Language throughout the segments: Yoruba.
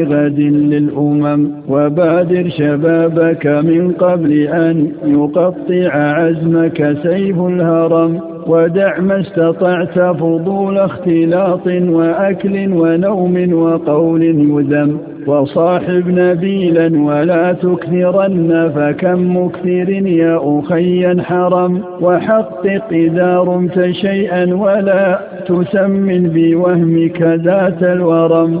غد للأمم وبادر شبابك من قبل أن يقطع عزمك سيف الهرم ودع ما استطعت فضول اختلاط وأكل ونوم وقول يذم وصاحب نبيلا ولا تكثرن فكم مكثر يا أخي حرم وحقق إذا رمت شيئا ولا تسمن بوهمك ذات الورم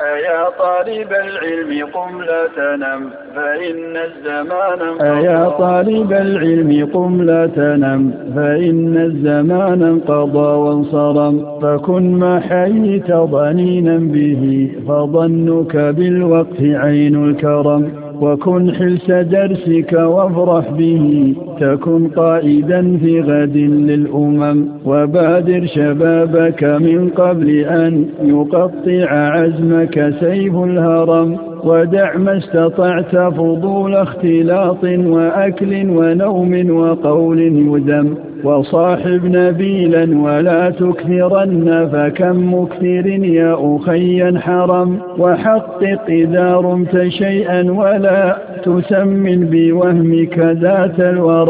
أيا طالب العلم قم لا تنم فإن الزمان أيا طالب العلم قم لا تنم فإن الزمان انقضى وانصرم فكن ما حييت ضنينا به فظنك بالوقت عين الكرم وكن حلس درسك وافرح به تكن قائدا في غد للأمم وبادر شبابك من قبل أن يقطع عزمك سيف الهرم ودع ما استطعت فضول اختلاط وأكل ونوم وقول يدم وصاحب نبيلا ولا تكثرن فكم مكثر يا أخي حرم وحقق إذا رمت شيئا ولا تسمن بوهمك ذات الورى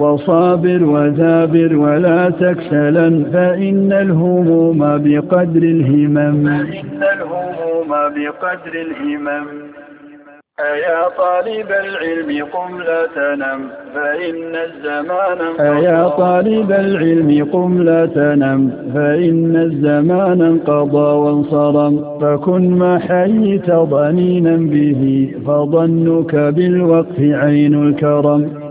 وصابر وذابر ولا تكسلا فإن الهموم بقدر الهمم فإن الهموم بقدر الهمم أيا طالب العلم قم لا تنم فإن الزمان أيا طالب العلم قم لا تنم فإن الزمان انقضى وانصرم فكن ما حييت ضنينا به فظنك بالوقف عين الكرم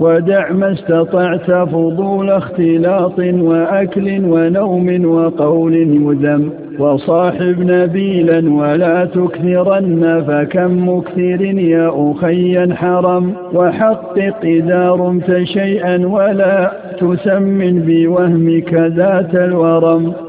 ودع ما استطعت فضول اختلاط وأكل ونوم وقول مذم وصاحب نبيلا ولا تكثرن فكم مكثر يا أخي حرم وحقق إذا رمت شيئا ولا تسمن بوهمك ذات الورم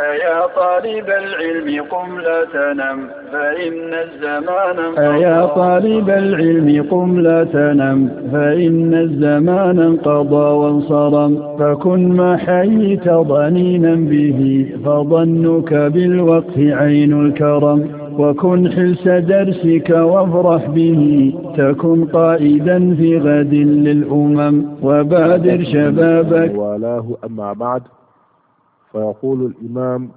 أيا طالب العلم قم لا تنم فإن الزمان أيا طالب العلم قم لا تنم فإن الزمان انقضى وانصرم فكن ما حييت ضنينا به فظنك بالوقت عين الكرم وكن حلس درسك وافرح به تكن قائدا في غد للأمم وبادر شبابك والاه أما بعد فيقول الإمام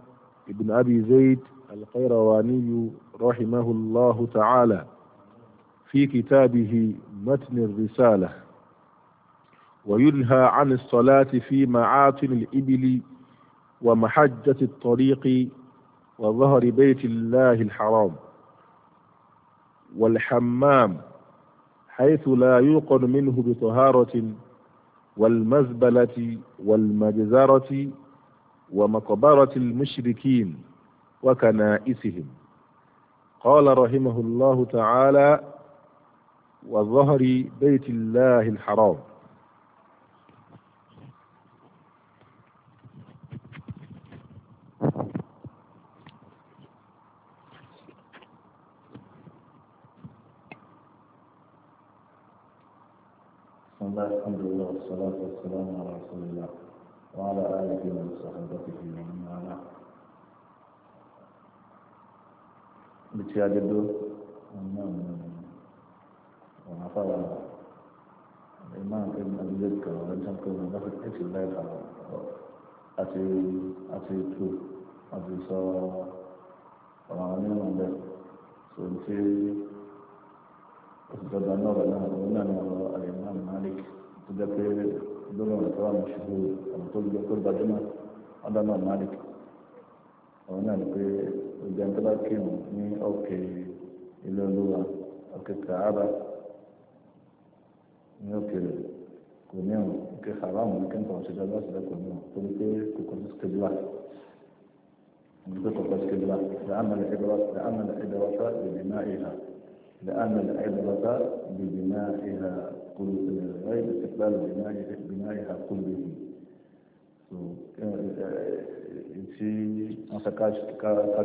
ابن أبي زيد القيرواني رحمه الله تعالى في كتابه متن الرسالة وينهى عن الصلاة في معاطن الإبل ومحجة الطريق وظهر بيت الله الحرام والحمام حيث لا يوقن منه بطهارة والمزبلة والمجزرة ومقبرة المشركين وكنائسهم قال رحمه الله تعالى وظهر بيت الله الحرام بسم الله الحمد لله والصلاة والسلام على رسول الله وعلى آله وصحبه ومن والاه بتياجدو ونعفر الإمام ابن أبي زيد ونجم كنا نفت إيش الله أتي أتي تو أتي سا وعلى من ده سنتي أتجدنا لنا ونعمل الإمام مالك تدبر gbólóhùn tó wà ní ṣubú ọ̀nà tó gbé tó gbajúmọ̀ ọ̀dọ̀ náà malik òun náà ni pé ọjà tó bá kírun ní òkè ilé olúwa òkè kàába ní òkè rẹ̀ kò ní òun òkè haramu ní kẹ́ńtà òṣèjọ́ bá ṣẹlẹ̀ kò ní òun torí pé kòkó tó ṣe jùlọ ذكر القبلة لأن العبرة لأن العبرة ببنائها لأن العبرة ببنائها غير استقبال بنائها كله tí wọ́n sọ ká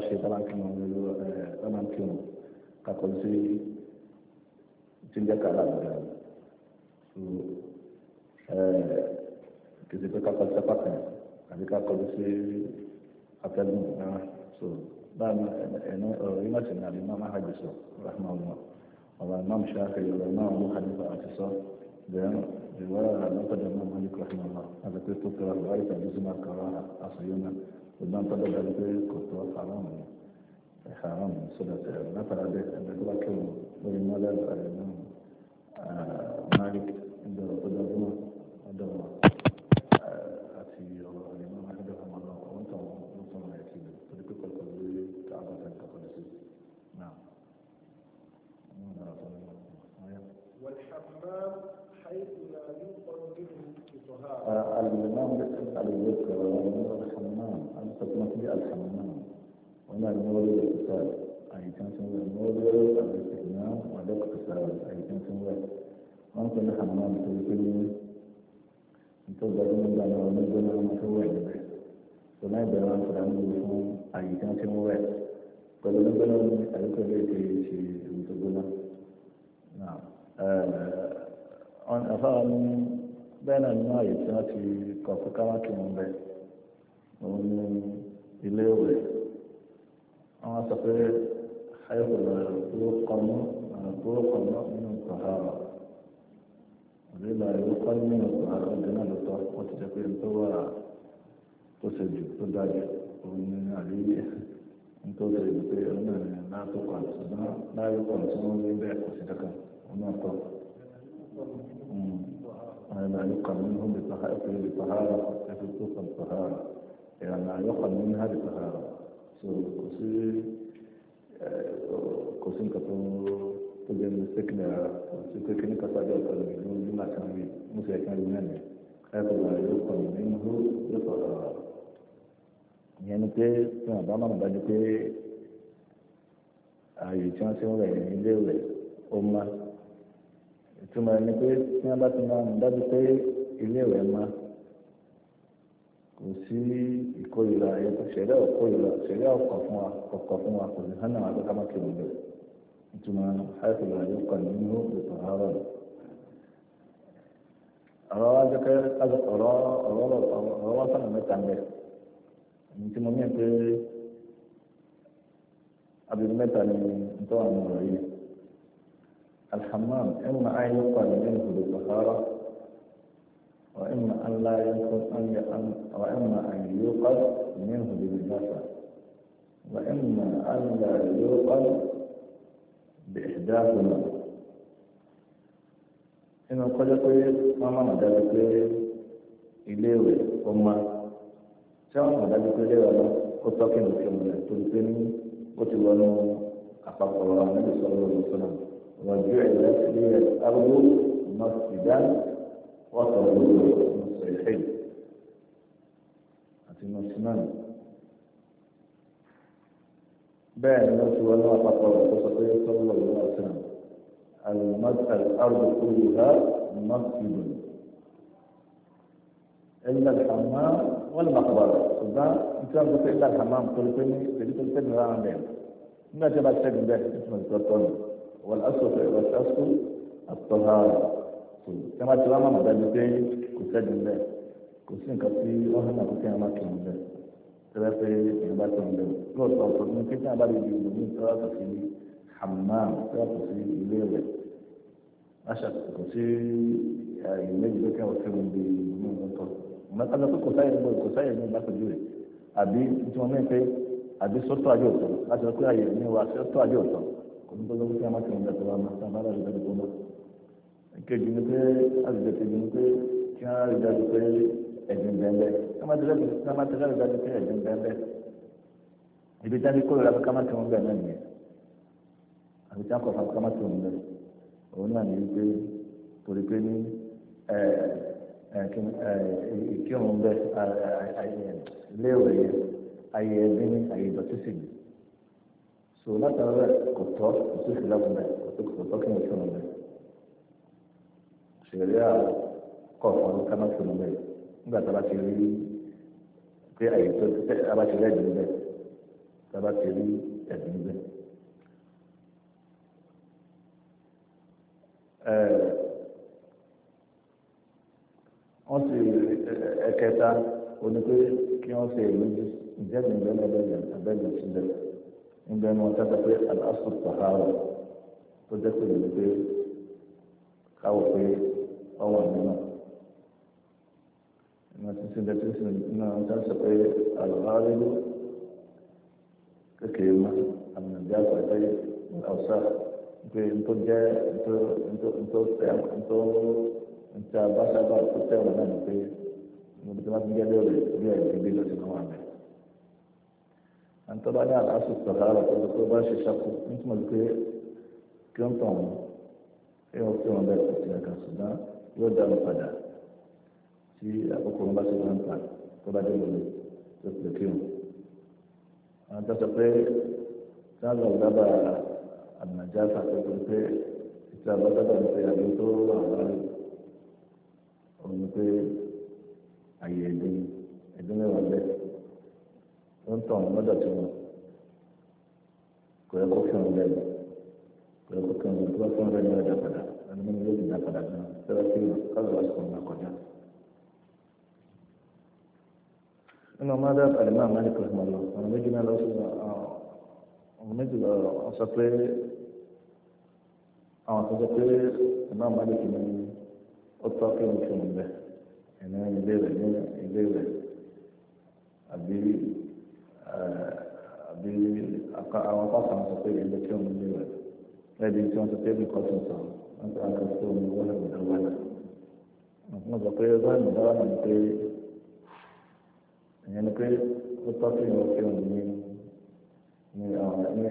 ṣe bálákìmọ̀ nílò bálákìmọ̀ kakọ̀ sí tí ń jẹ́ kàrà àgbà kìí pé kakọ̀ sí apákan àbí kakọ̀ sí atẹ́gùn náà so báyìí ẹ̀nà ọ̀rọ̀ yìí náà sì ní àbí máa máa hajj sọ rahman allah. وعلى الإمام الشافعي وعلى الإمام أبو حنيفة اعتصام رواية نقد الإمام مالك رحمه الله هذا كي تذكر الغاية بزمع كراهة أصيونا قدام تبدأ هذا كي كنت حرام حرام صلاة نفر عليك أن تقرأ كلمة ولماذا الإمام مالك عنده قدر الجمعة عند الله الإمام بيسأل على الذكر ولا الحمام أنت تنفي الحمام ولا المولد الاقتصاد أي تنسوا المولد الاستخدام والاقتصاد أي تنسوا وأنت الحمام تقول تقدر من دعنا ونزلنا ومسوى عندك وما يدعنا فرعنا بفهم أي تنسوا pẹ̀lú nígbàlá ní àyíkọ́lẹ̀ ti ṣe ìwòsàn gbọ́nà. àfáà ní bẹ́ẹ̀ náà nínú àyè tí wọ́n ti kọ̀ fún káwákì ń bẹ òun ní ilé ìwé àwọn sọ pé ayọ̀pọ̀lọ̀ ìwé kọ́nú àgbóró kọ́nú nínú ìpàhárọ̀ ìrìnà ìwé kọ́nú nínú ìpàhárọ̀ ọdún náà ló tọ́ wọ́n ti jẹ́ pé n tó wà tó ṣe jù tó dájú òun ní àríyé n tó ṣe jù pé òun náà ní láàtò kọ̀ǹtù náà láàyò kọ̀ǹtù wọn ní bẹ́ẹ̀ kò sí kankan òun náà tọ́. Hmm. لا يقل منهم بطهارة حتى تطلق الطهارة يعني لا يقل منها بطهارة كسي كسي كتو تجي مستكنا تكني كساجة تلميذون لما كان بي موسى كان بنامي هذا لا يقل منه بطهارة يعني كي سنعبانا مدى كي ààyè tí wọ́n ti ń rẹ̀ nílé rẹ̀ ó máa ìtumọ̀ ẹni pé tí wọ́n bá ti máa ń dájú pé ilé ìwẹ̀ máa kò sí ìkórìíra ẹ̀kọ́ ṣẹ̀dá òkórìíra ṣẹ̀dá ọkọ̀ fún wa ọkọ̀ fún wa kò ní hánà àti kámákì òde ìtumọ̀ àìsàn àyè kan nínú ètò àárọ̀ ọ̀rọ̀ ajọ́kẹ́ ọ̀rọ̀ ọ̀rọ̀ wá sọ̀nà mẹ́ta ń bẹ̀ ní tí pé abirú mẹ́ta ni ń tọ́ àwọn ọ̀rọ̀ yìí. الحمام إما أن يقال منه بالطهارة وإما أن لا يكون أن وإما أن يقال منه بالنجاسة وإما أن لا يقال بإحداثهما إن قد قيل وما مدد قيل إليه وما شاء مدد قيل وما قطك نكمل تلقين وتلقين أفضل الله صلى الله عليه وسلم وجعلت لي الأرض مسجدا وصلوا الصحيحين أتي مسلمان بين نفسه ولا فقر وصفي صلى الله عليه وسلم المد الأرض كلها مسجد إلا الحمام والمقبرة سبحان قلت إلا الحمام قلت فيني تجد الفيلم عامل ما تبغى تسجد به اسمه الكرتون والأصل في الأصل الطهارة كما ترى ما مدامتين كسد الله كسين كسي وهنا كسين ما كان الله ترى في إنبات الله لو صوت من كتاب بالي بالمين ترى في حمام ترى في إليه أشد كسي إليه بك وكمن بالمين mọ̀tò pé kò sáyẹ̀ níbo kò sáyẹ̀ ní ìbákojú rẹ̀ àbí tí wọ́n mẹ́fẹ́ àbí sọ́tọ̀ àjọ ọ̀tọ̀ láti sọ pé àyè ní wa sọ́tọ̀ àjọ ọ̀tọ̀ òun tó lọ́wọ́ sí amákẹ́ nígbà tó wà máa tá a bá dájú dájú tó lọ. kejì ni pé àgbègbè kejì ni pé kí wọ́n rí dájú pé ẹ̀jẹ̀ bẹ́ẹ̀ kámátẹ́ dájú dájú pé ẹ̀jẹ̀ bẹ́ẹ̀ ibi táwọn kó lọ́la kámátẹ́ wọn bẹ́ẹ̀ náà nìyẹn àbí táwọn kọ̀ fún kámátẹ́ wọn bẹ́ẹ̀ òun náà nìyí pé torí ní so látara rẹ kò tọ́ kò sí ìfìlà fún rẹ kò tó kò tọ́ kí wọ́n fún rẹ ṣèlérí à kọ̀ fún ọdún kámá fún rẹ nígbà tá a bá ti rí pé àyè tó tẹ a bá ti rí ẹ̀dùn bẹ́ẹ̀ tá a bá ti rí ẹ̀dùn bẹ́ẹ̀. wọ́n sì ẹ̀kẹta onípe kí wọ́n ṣe ìlú jẹ́ ìjẹ́bìnrin lẹ́nu ẹgbẹ́ ìjọba ìjọba ìjọba. níbẹ̀ ni wọ́n tẹ́tẹ́ pé aláṣọ sàhárà tó jẹ́ pé lè pé káwọ̀ pé ọwọ́ nínú ìmọ̀ títí lè títí nínú àwọn tó ń sọ pé àlùbáàrí ló kékeré mọ́ àmì ìjà pẹ̀lú pé ọ̀sà pé ntọ́ jẹ́ ntọ́ ntọ́ ntọ́ ntọ́ ntọ́ abáṣábà tó tẹ̀wọ̀n náà ni pé mo ti máa ń gẹ́gẹ́ bí ọ̀rẹ́ bí ẹ̀ẹ́dẹ́gbẹ́ lọ́sìn náà wà ẹni tó bá ní àlàáfíà sọ̀rọ̀ àrà tó lọ tó bá ṣe ṣàkó nítorí mo pé kí ó ń tàn wọn ẹ yọ kí wọn bẹ kò sí ẹ̀ka ṣùgbọ́n yóò dá wọn padà tí àkókò wọn bá ṣe wọn pa tó bá dé lónìí tó pè kí wọn. àwọn tó sọ pé sáàlù ọ̀gábà àdìmọ̀já sàkóso pé ìtura bọ́sọ̀tà ń pe àbí tó àwọn àrùn òun pé àyè ẹ̀dín ẹ̀dín mẹ́wàá bẹ́ẹ̀ tọ̀hún lọ́dọ̀ tí wọn kò yẹ kó fún un lẹ́nu kò yẹ kó fún un lẹ́nu tó bá fún un lẹ́nu ọjà padà ẹni nínú yóò dìda padà gan tẹ́lẹ̀ sí ìlú káàdì wá sọ̀rọ̀ náà kọjá. nínú ọmọ adá àlùmọ́ àmàlẹ́ kò fún un lọ ọ̀nà méjì náà lọ sí ọ̀nà méjì lọ sọ pé àwọn tó sọ pé ìmọ̀ àmàlẹ́ kì í ó tọ́ kí n fún un bẹ́ẹ̀ ẹ̀ ní ilé rẹ̀ ní ilé rẹ̀ àbí àbí àwọn apáta wọn sọ pé ẹgbẹ́ tí wọ́n ń lé rẹ̀ lẹ́bi tí wọ́n sọ pé ẹgbẹ́ kọ́tùn sọ wọ́n sọ pé kí wọ́n wọ́n lẹ́nu dá wàlà wọ́n sọ pé wọ́n lẹ́nu dá wàlà ni pé ìyẹn ni pé ó tọ́ sí ìwọ̀n tí wọ́n ní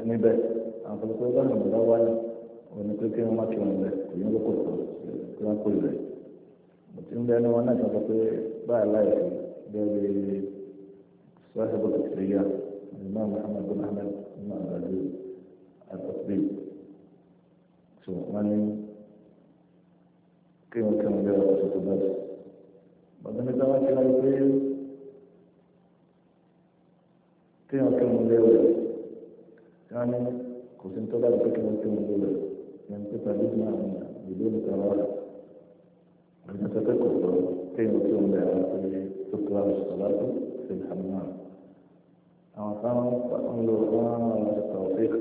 níbẹ̀ àwọn sọ pé wọ́n lẹ́nu dá wàlà wọ́n ni pé kí wọ́n má kí wọ́n rẹ̀ kò yẹn lóko sọ kí wọ́n kó rẹ̀ òtún bẹ́ẹ̀ ni wọ́n náà sọ pé báyà láì صاحب الأكثرية الإمام محمد بن أحمد بن عبد العزيز الأصلي سلماني قيمة كما جاء رسول الله بعد إذا ما كان يقول قيمة كما جاء يعني كنت تدعى قيمة كما جاء ينقطع بجمع بدون قرار بدون قيمة كما جاء رسول الله صلى الله عليه وسلم في الحمام àwọn táwọn ń lò wọn ẹ̀sọ̀ fík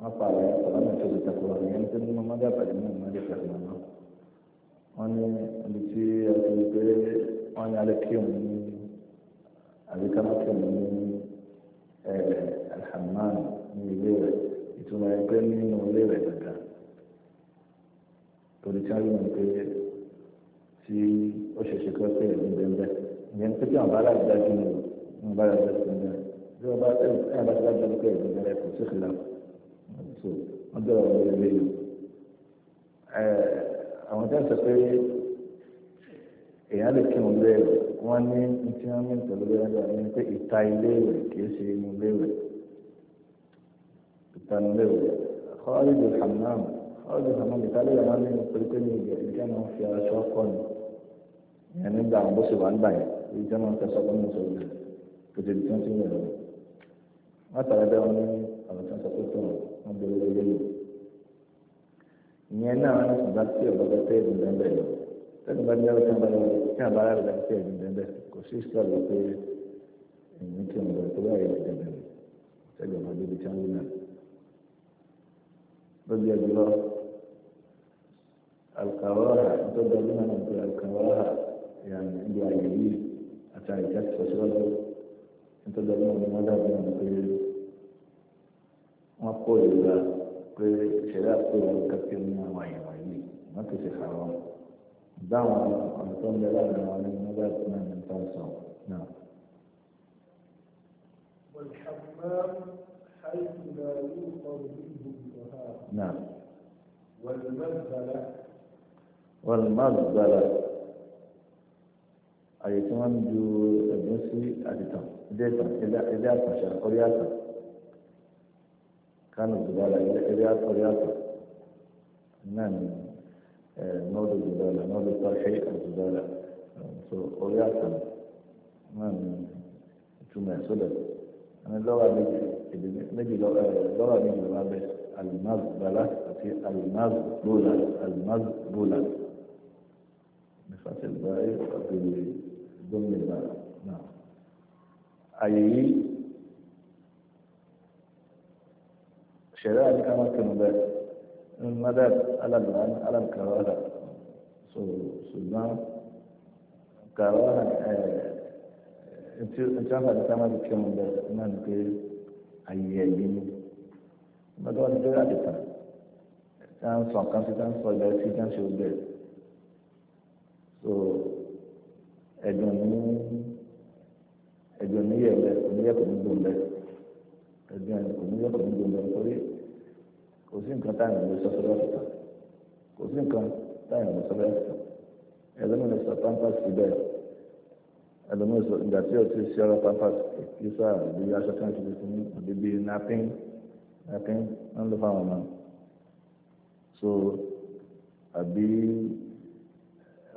wọn pa àlàyé pẹ̀lú àwọn ìṣòro ìtàkùrọ̀ ìyẹn tó ní mọ́mọ́dé àpàdé ní ìmọ̀lẹ́ pẹ̀lú màmá wọn ní ibi tí a ti rí pé wọn ní alẹ́ kí òun ní àbíká má kí òun ní alhamman ní ilé rẹ̀ ìtumọ̀ ẹ̀ pé nínú ilé rẹ̀ gàgà torí tí wọ́n rí pé tí ó ṣe ṣe kọ́ pé ẹ̀mí bẹ́ẹ̀ bẹ́ẹ̀ ìyẹn pé tí àwọn bá aláàbí dájú ní ìbára ẹgbẹ́ sí ní bí wọ́n bá ẹ ẹ bá ti bá jẹun pé ẹ̀gbọ́n rẹ kò sí ìlà so wọ́n bẹ̀rẹ̀ ọ̀rọ̀ rẹ lẹ́yìn ẹ àwọn tí wọ́n sọ pé èèyàn lè kí wọn lé rẹ wọ́n ní tí wọ́n ní pẹ̀lú lẹ́yìn rẹ ní pé ìta ilé rẹ kì í ṣe inú ilé rẹ ìta inú ilé rẹ kọ́ọ́lì lè hàmnáàmù kọ́ọ́lì lè hàmnáàmù ìta ilé rẹ wọ́n ní pẹ̀lú pé ní ìgbà máa ń fi aṣọ kọ́ ni ìyẹn nígbà àwọn bó ṣe wà ń gbà yẹn ìjọba ń fẹ́ sọ́kọ́ ní ìṣòro rẹ kò tẹ̀lé tí wọ́n ti ń yẹ̀ lọ́wọ́. látara bẹ́ẹ̀ wọn ní àwọn tí wọ́n sọ pé tó wọn bẹ lórí ilé yìí ìyẹn náà wọn ní ìgbà tí ọ̀gá bá tẹ́ ẹ̀dùn bẹ́ẹ̀ bẹ́ẹ̀ lọ tẹ́lẹ̀ bá dẹ́rù tí wọ́n bá lọ tí wọ́n bá rà lọ́dà tẹ́ ẹ̀dùn bẹ́ẹ̀ bẹ́ẹ̀ kò sí ìsọ̀rọ̀ lọ pé èyí tí wọ́n bọ̀ tó bá yẹ ẹ̀dùn bẹ́ẹ̀ tẹ́lẹ̀ wọn débi tí wọ́n wí náà lójú ẹ̀dùn nítorí ọlọ́run ni wọ́n dábàá ní pé wọ́n kó ìlera pé ìṣẹ̀lẹ̀ àpérò kẹ́kẹ́ ní àwọn àyè wọ̀nyí wọ́n ti ṣe haram báwọn ọ̀nà tó ń bẹ láàrin wọn ní wọ́n bá ti náà ní tó ń sọ náà. والحمام حيث لا يوقظ منه الظهار نعم والمزبلة والمزبلة àyè tí wọ́n ń ju ẹ̀gún sí àdìtàn ìdẹ́tàn ẹ̀dẹ́ àtàṣà orí àtà kánò jùlọ́la ẹ̀dẹ́ orí àtà náà ni nọ́ọ̀dù jùlọ́la nọ́ọ̀dù pàṣẹ àjùlọ́la so orí àtà náà ni ìtumọ̀ ẹ̀ sódà ẹni lọ́wọ́ méjì èdè méjì lọ́wọ́ méjì lọ́wọ́ abẹ́ alimaz bala àti alimaz bóla alimaz bóla. بفتح الباء وبال ضمن البلد نعم أي شراء كما كنبات مدد على الآن على الكرارة سلمان كرارة آه، انت عمل كما كنبات من كي أيين مدد على الكرارة تان سوكان تان سوكان تان سوكان so ẹ̀dùn ní ẹ̀dùn níyẹ̀lẹ̀ oníyẹ̀kọ̀ ní gbòǹbẹ̀ ẹ̀dùn ẹ̀dùn oníyẹ̀kọ̀ ní gbòǹbẹ̀ nítorí kò sí nǹkan táyà ní sọ́sọ́rọ́ àtìkà kò sí nǹkan táyà ní sọ́sọ́rọ́ àtìkà ẹlẹ́mìnì sọ pampas síbẹ̀ ẹlẹ́mìnì sọ ìgbà tí o ti ṣe ọ̀rọ̀ pampas kí sọ àbí aṣọ kan ti fún àbí bíi napin napin ń lọ fáwọn náà so àbí.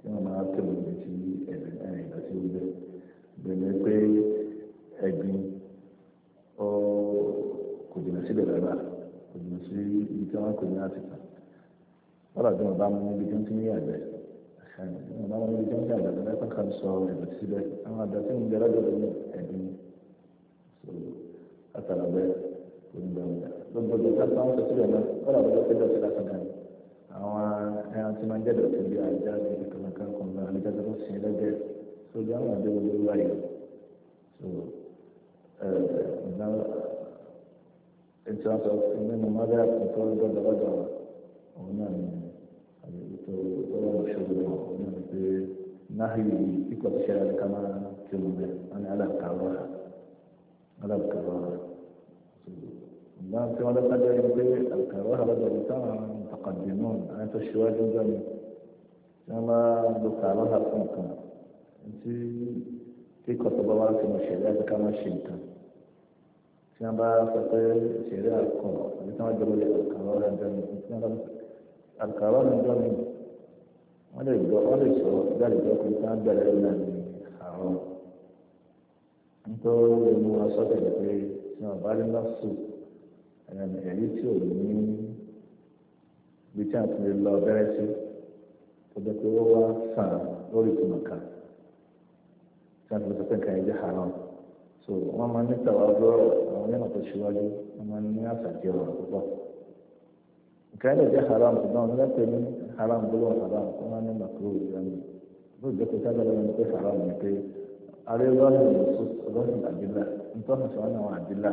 tí wọ́n máa tẹ̀wé ibi tí ẹ̀gbìn ẹ̀rìn lọ sí ibẹ̀ bẹ̀rẹ̀ pé ẹ̀gbìn ọ kò jìnnà síbẹ̀ rárá kò jìnnà sí ibi tí wọ́n kò ní àtìkà wọ́n àti wọn bá mú ibi tí wọ́n ti ní àgbẹ̀ wọ́n bá mú ibi tí wọ́n ti àgbẹ̀ tó lẹ́kọ̀ọ́ kan sọ ẹ̀gbìn síbẹ̀ àwọn àgbẹ̀ tí wọ́n jẹ́ lọ́jọ́ lórí ẹ̀gbìn so àtàlàbẹ̀ kò ní bẹ̀rẹ̀ lọ́gbọ̀dọ̀ àwọn ẹran tí máa ń jẹ́dọ̀ tó bí ajá ní kankan kan náà alẹ́gbẹ́sẹ̀ tó sin lẹ́gbẹ́ sójú àwọn àdéhùn lórí wáyé so ǹjẹ́ in terms of nínú mọ́dà tó ń dọ́dọ̀ lọ́dọ̀ òun náà ni àyẹ̀wò tó wọ́n ṣòro náà òun náà ni pé náhìlì ikọ̀ tó ṣẹlẹ̀ ká máa kí òun bẹ̀ wọ́n ní alábùkárọ̀ alábùkárọ̀ ǹjẹ́ tí wọ́n lọ́kọ́ jẹ́ pé àbùkárọ̀ lọ́dọ̀ òun táwọn المتقدمون أنت الشواج الجميع كما ذكر لها فنكم أنت في كتب الله كما شريعة كما شئت كما فتر شريعة القرى كما جبل القرار الجميع القرار الجميع ولا يبدو ولا يسوى ذلك يكون كان بلا إلا من حرام أنت المواصلة التي كما بالنا السوء يعني يجب أن bí tí a ti lè lọ bẹ̀rẹ̀ sí tó jẹ́ pé ó wá sàn lórí ìtumọ̀ kan tí a ti lè sọ pé nǹkan yẹn jẹ́ haram so wọ́n máa ń ní tàwa àwọn onímọ̀ tó ṣíwájú wọ́n máa ń ní àṣàjì ọ̀rọ̀ púpọ̀ nǹkan yẹn lè jẹ́ haram ṣùgbọ́n wọ́n lẹ́pẹ́ ní haram gbólóhùn haram wọ́n máa ń ní màkúrò ìlànà ló jẹ́ pé sábà lọ́wọ́ pé haram ni pé alẹ́ lọ́rùn lọ́sùn àdìlà nítorí àdìlà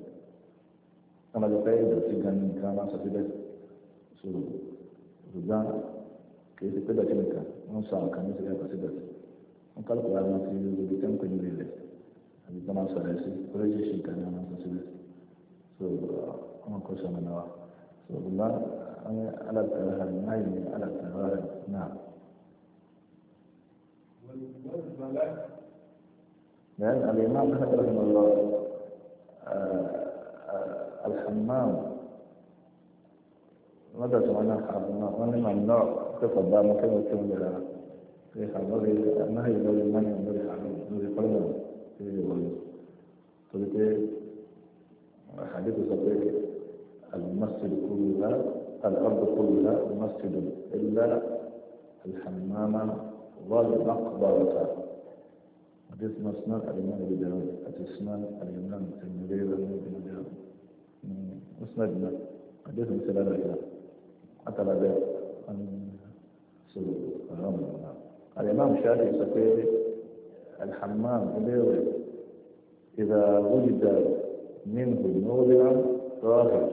kama jọ pé ìdọ̀tí gan ni nǹkan máa ń sọ síbẹ̀ so ṣùgbọ́n kì í ṣe pé dọ̀tí nìkan wọ́n sọ àwọn kan ní ìṣẹ̀lẹ̀ àkọsí dọ̀tí wọ́n kálukú wa máa fi ibi tẹ́ ń pè ní ilẹ̀ àbí tó máa sọ̀rọ̀ sí oríṣiríṣi nǹkan ni wọ́n máa sọ síbẹ̀ so wọ́n kọ́ sọ̀rọ̀ náà wa so ṣùgbọ́n alàtàrà náà yìí alàtàrà náà. لأن الإمام أحمد رحمه الله الحمام ماذا تعنى حمام وانا ممنوع تفضل مكان كامل في حضر النهي دول المنع من الحمام من القرن في الولد قلت إيه؟ حديث صديق المسجد كلها الأرض كلها مسجد إلا الحمام والمقبرة حدثنا اسنان الإمام أبي داود حدثنا الإمام الترمذي وابن ماجه مسندنا حدثنا سلالة إلى حتى لا بأس أن الإمام الشافعي يقول الحمام البيض إذا وجد منه موضع طاهر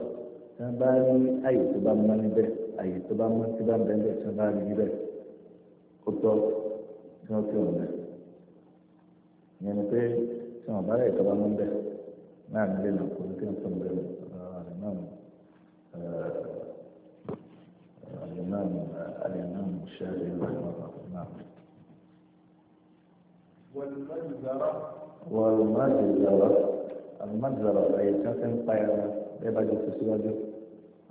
تباني أي تبمن به أي تبمن تبمن به تباني به قطة تنوكيون به ìyẹn ni pé tí wọn bá rẹ ìtọ́ba mú bẹ láàrin ilé náà kò ní kí n tó ń bẹ alimami alimami alimami sẹ́ẹ̀lì náà. والمجزرة والمجزرة المجزرة أي تنتم طيرة ẹ bá jẹ tó síwájú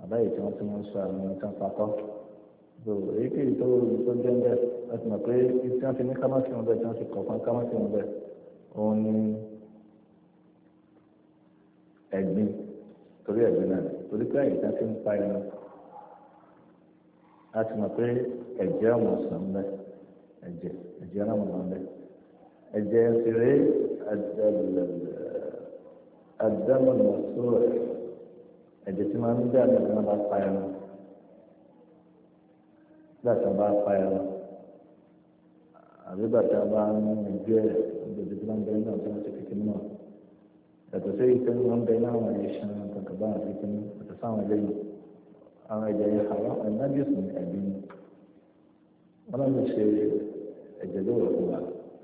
àbáyé tí wọn ti mú sọ àwọn nǹkan papọ̀ so èyíkéyìí tó tó jẹ ń bẹ láti mọ̀ pé tí wọn ti ní kámásì wọn bẹ tí wọn ti kọ̀ọ̀kan kámásì wọn bẹ òun ni ẹ̀gbin torí ẹ̀gbin náà torí pé àyè tá ti ń pa ẹran a ti mọ̀ pé ẹ̀jẹ̀ ọmọ sàn bẹ́ ẹ̀jẹ̀ ẹ̀jẹ̀ ọmọ sàn bẹ́ ẹ̀jẹ̀ ìṣeré àdámọ̀nà sóòrè tí máa ń dà ní ọ̀nà bá pa ẹran nígbà bá pa ẹran àbí bàtà bá ń ju ẹ̀ gbèdé tí wọ́n bẹ náà tí wọ́n ti kékeré náà yàtọ̀ sí ìpín wọn bẹ náà wọn lè ṣan kankan bá àti ìpín yàtọ̀ sáwọn eléyìí àwọn ẹ̀jẹ̀ yẹn àwọn ẹ̀nàdìs ní ẹ̀bí wọn náà lè ṣe ẹ̀jẹ̀ lọ́wọ́ fún wa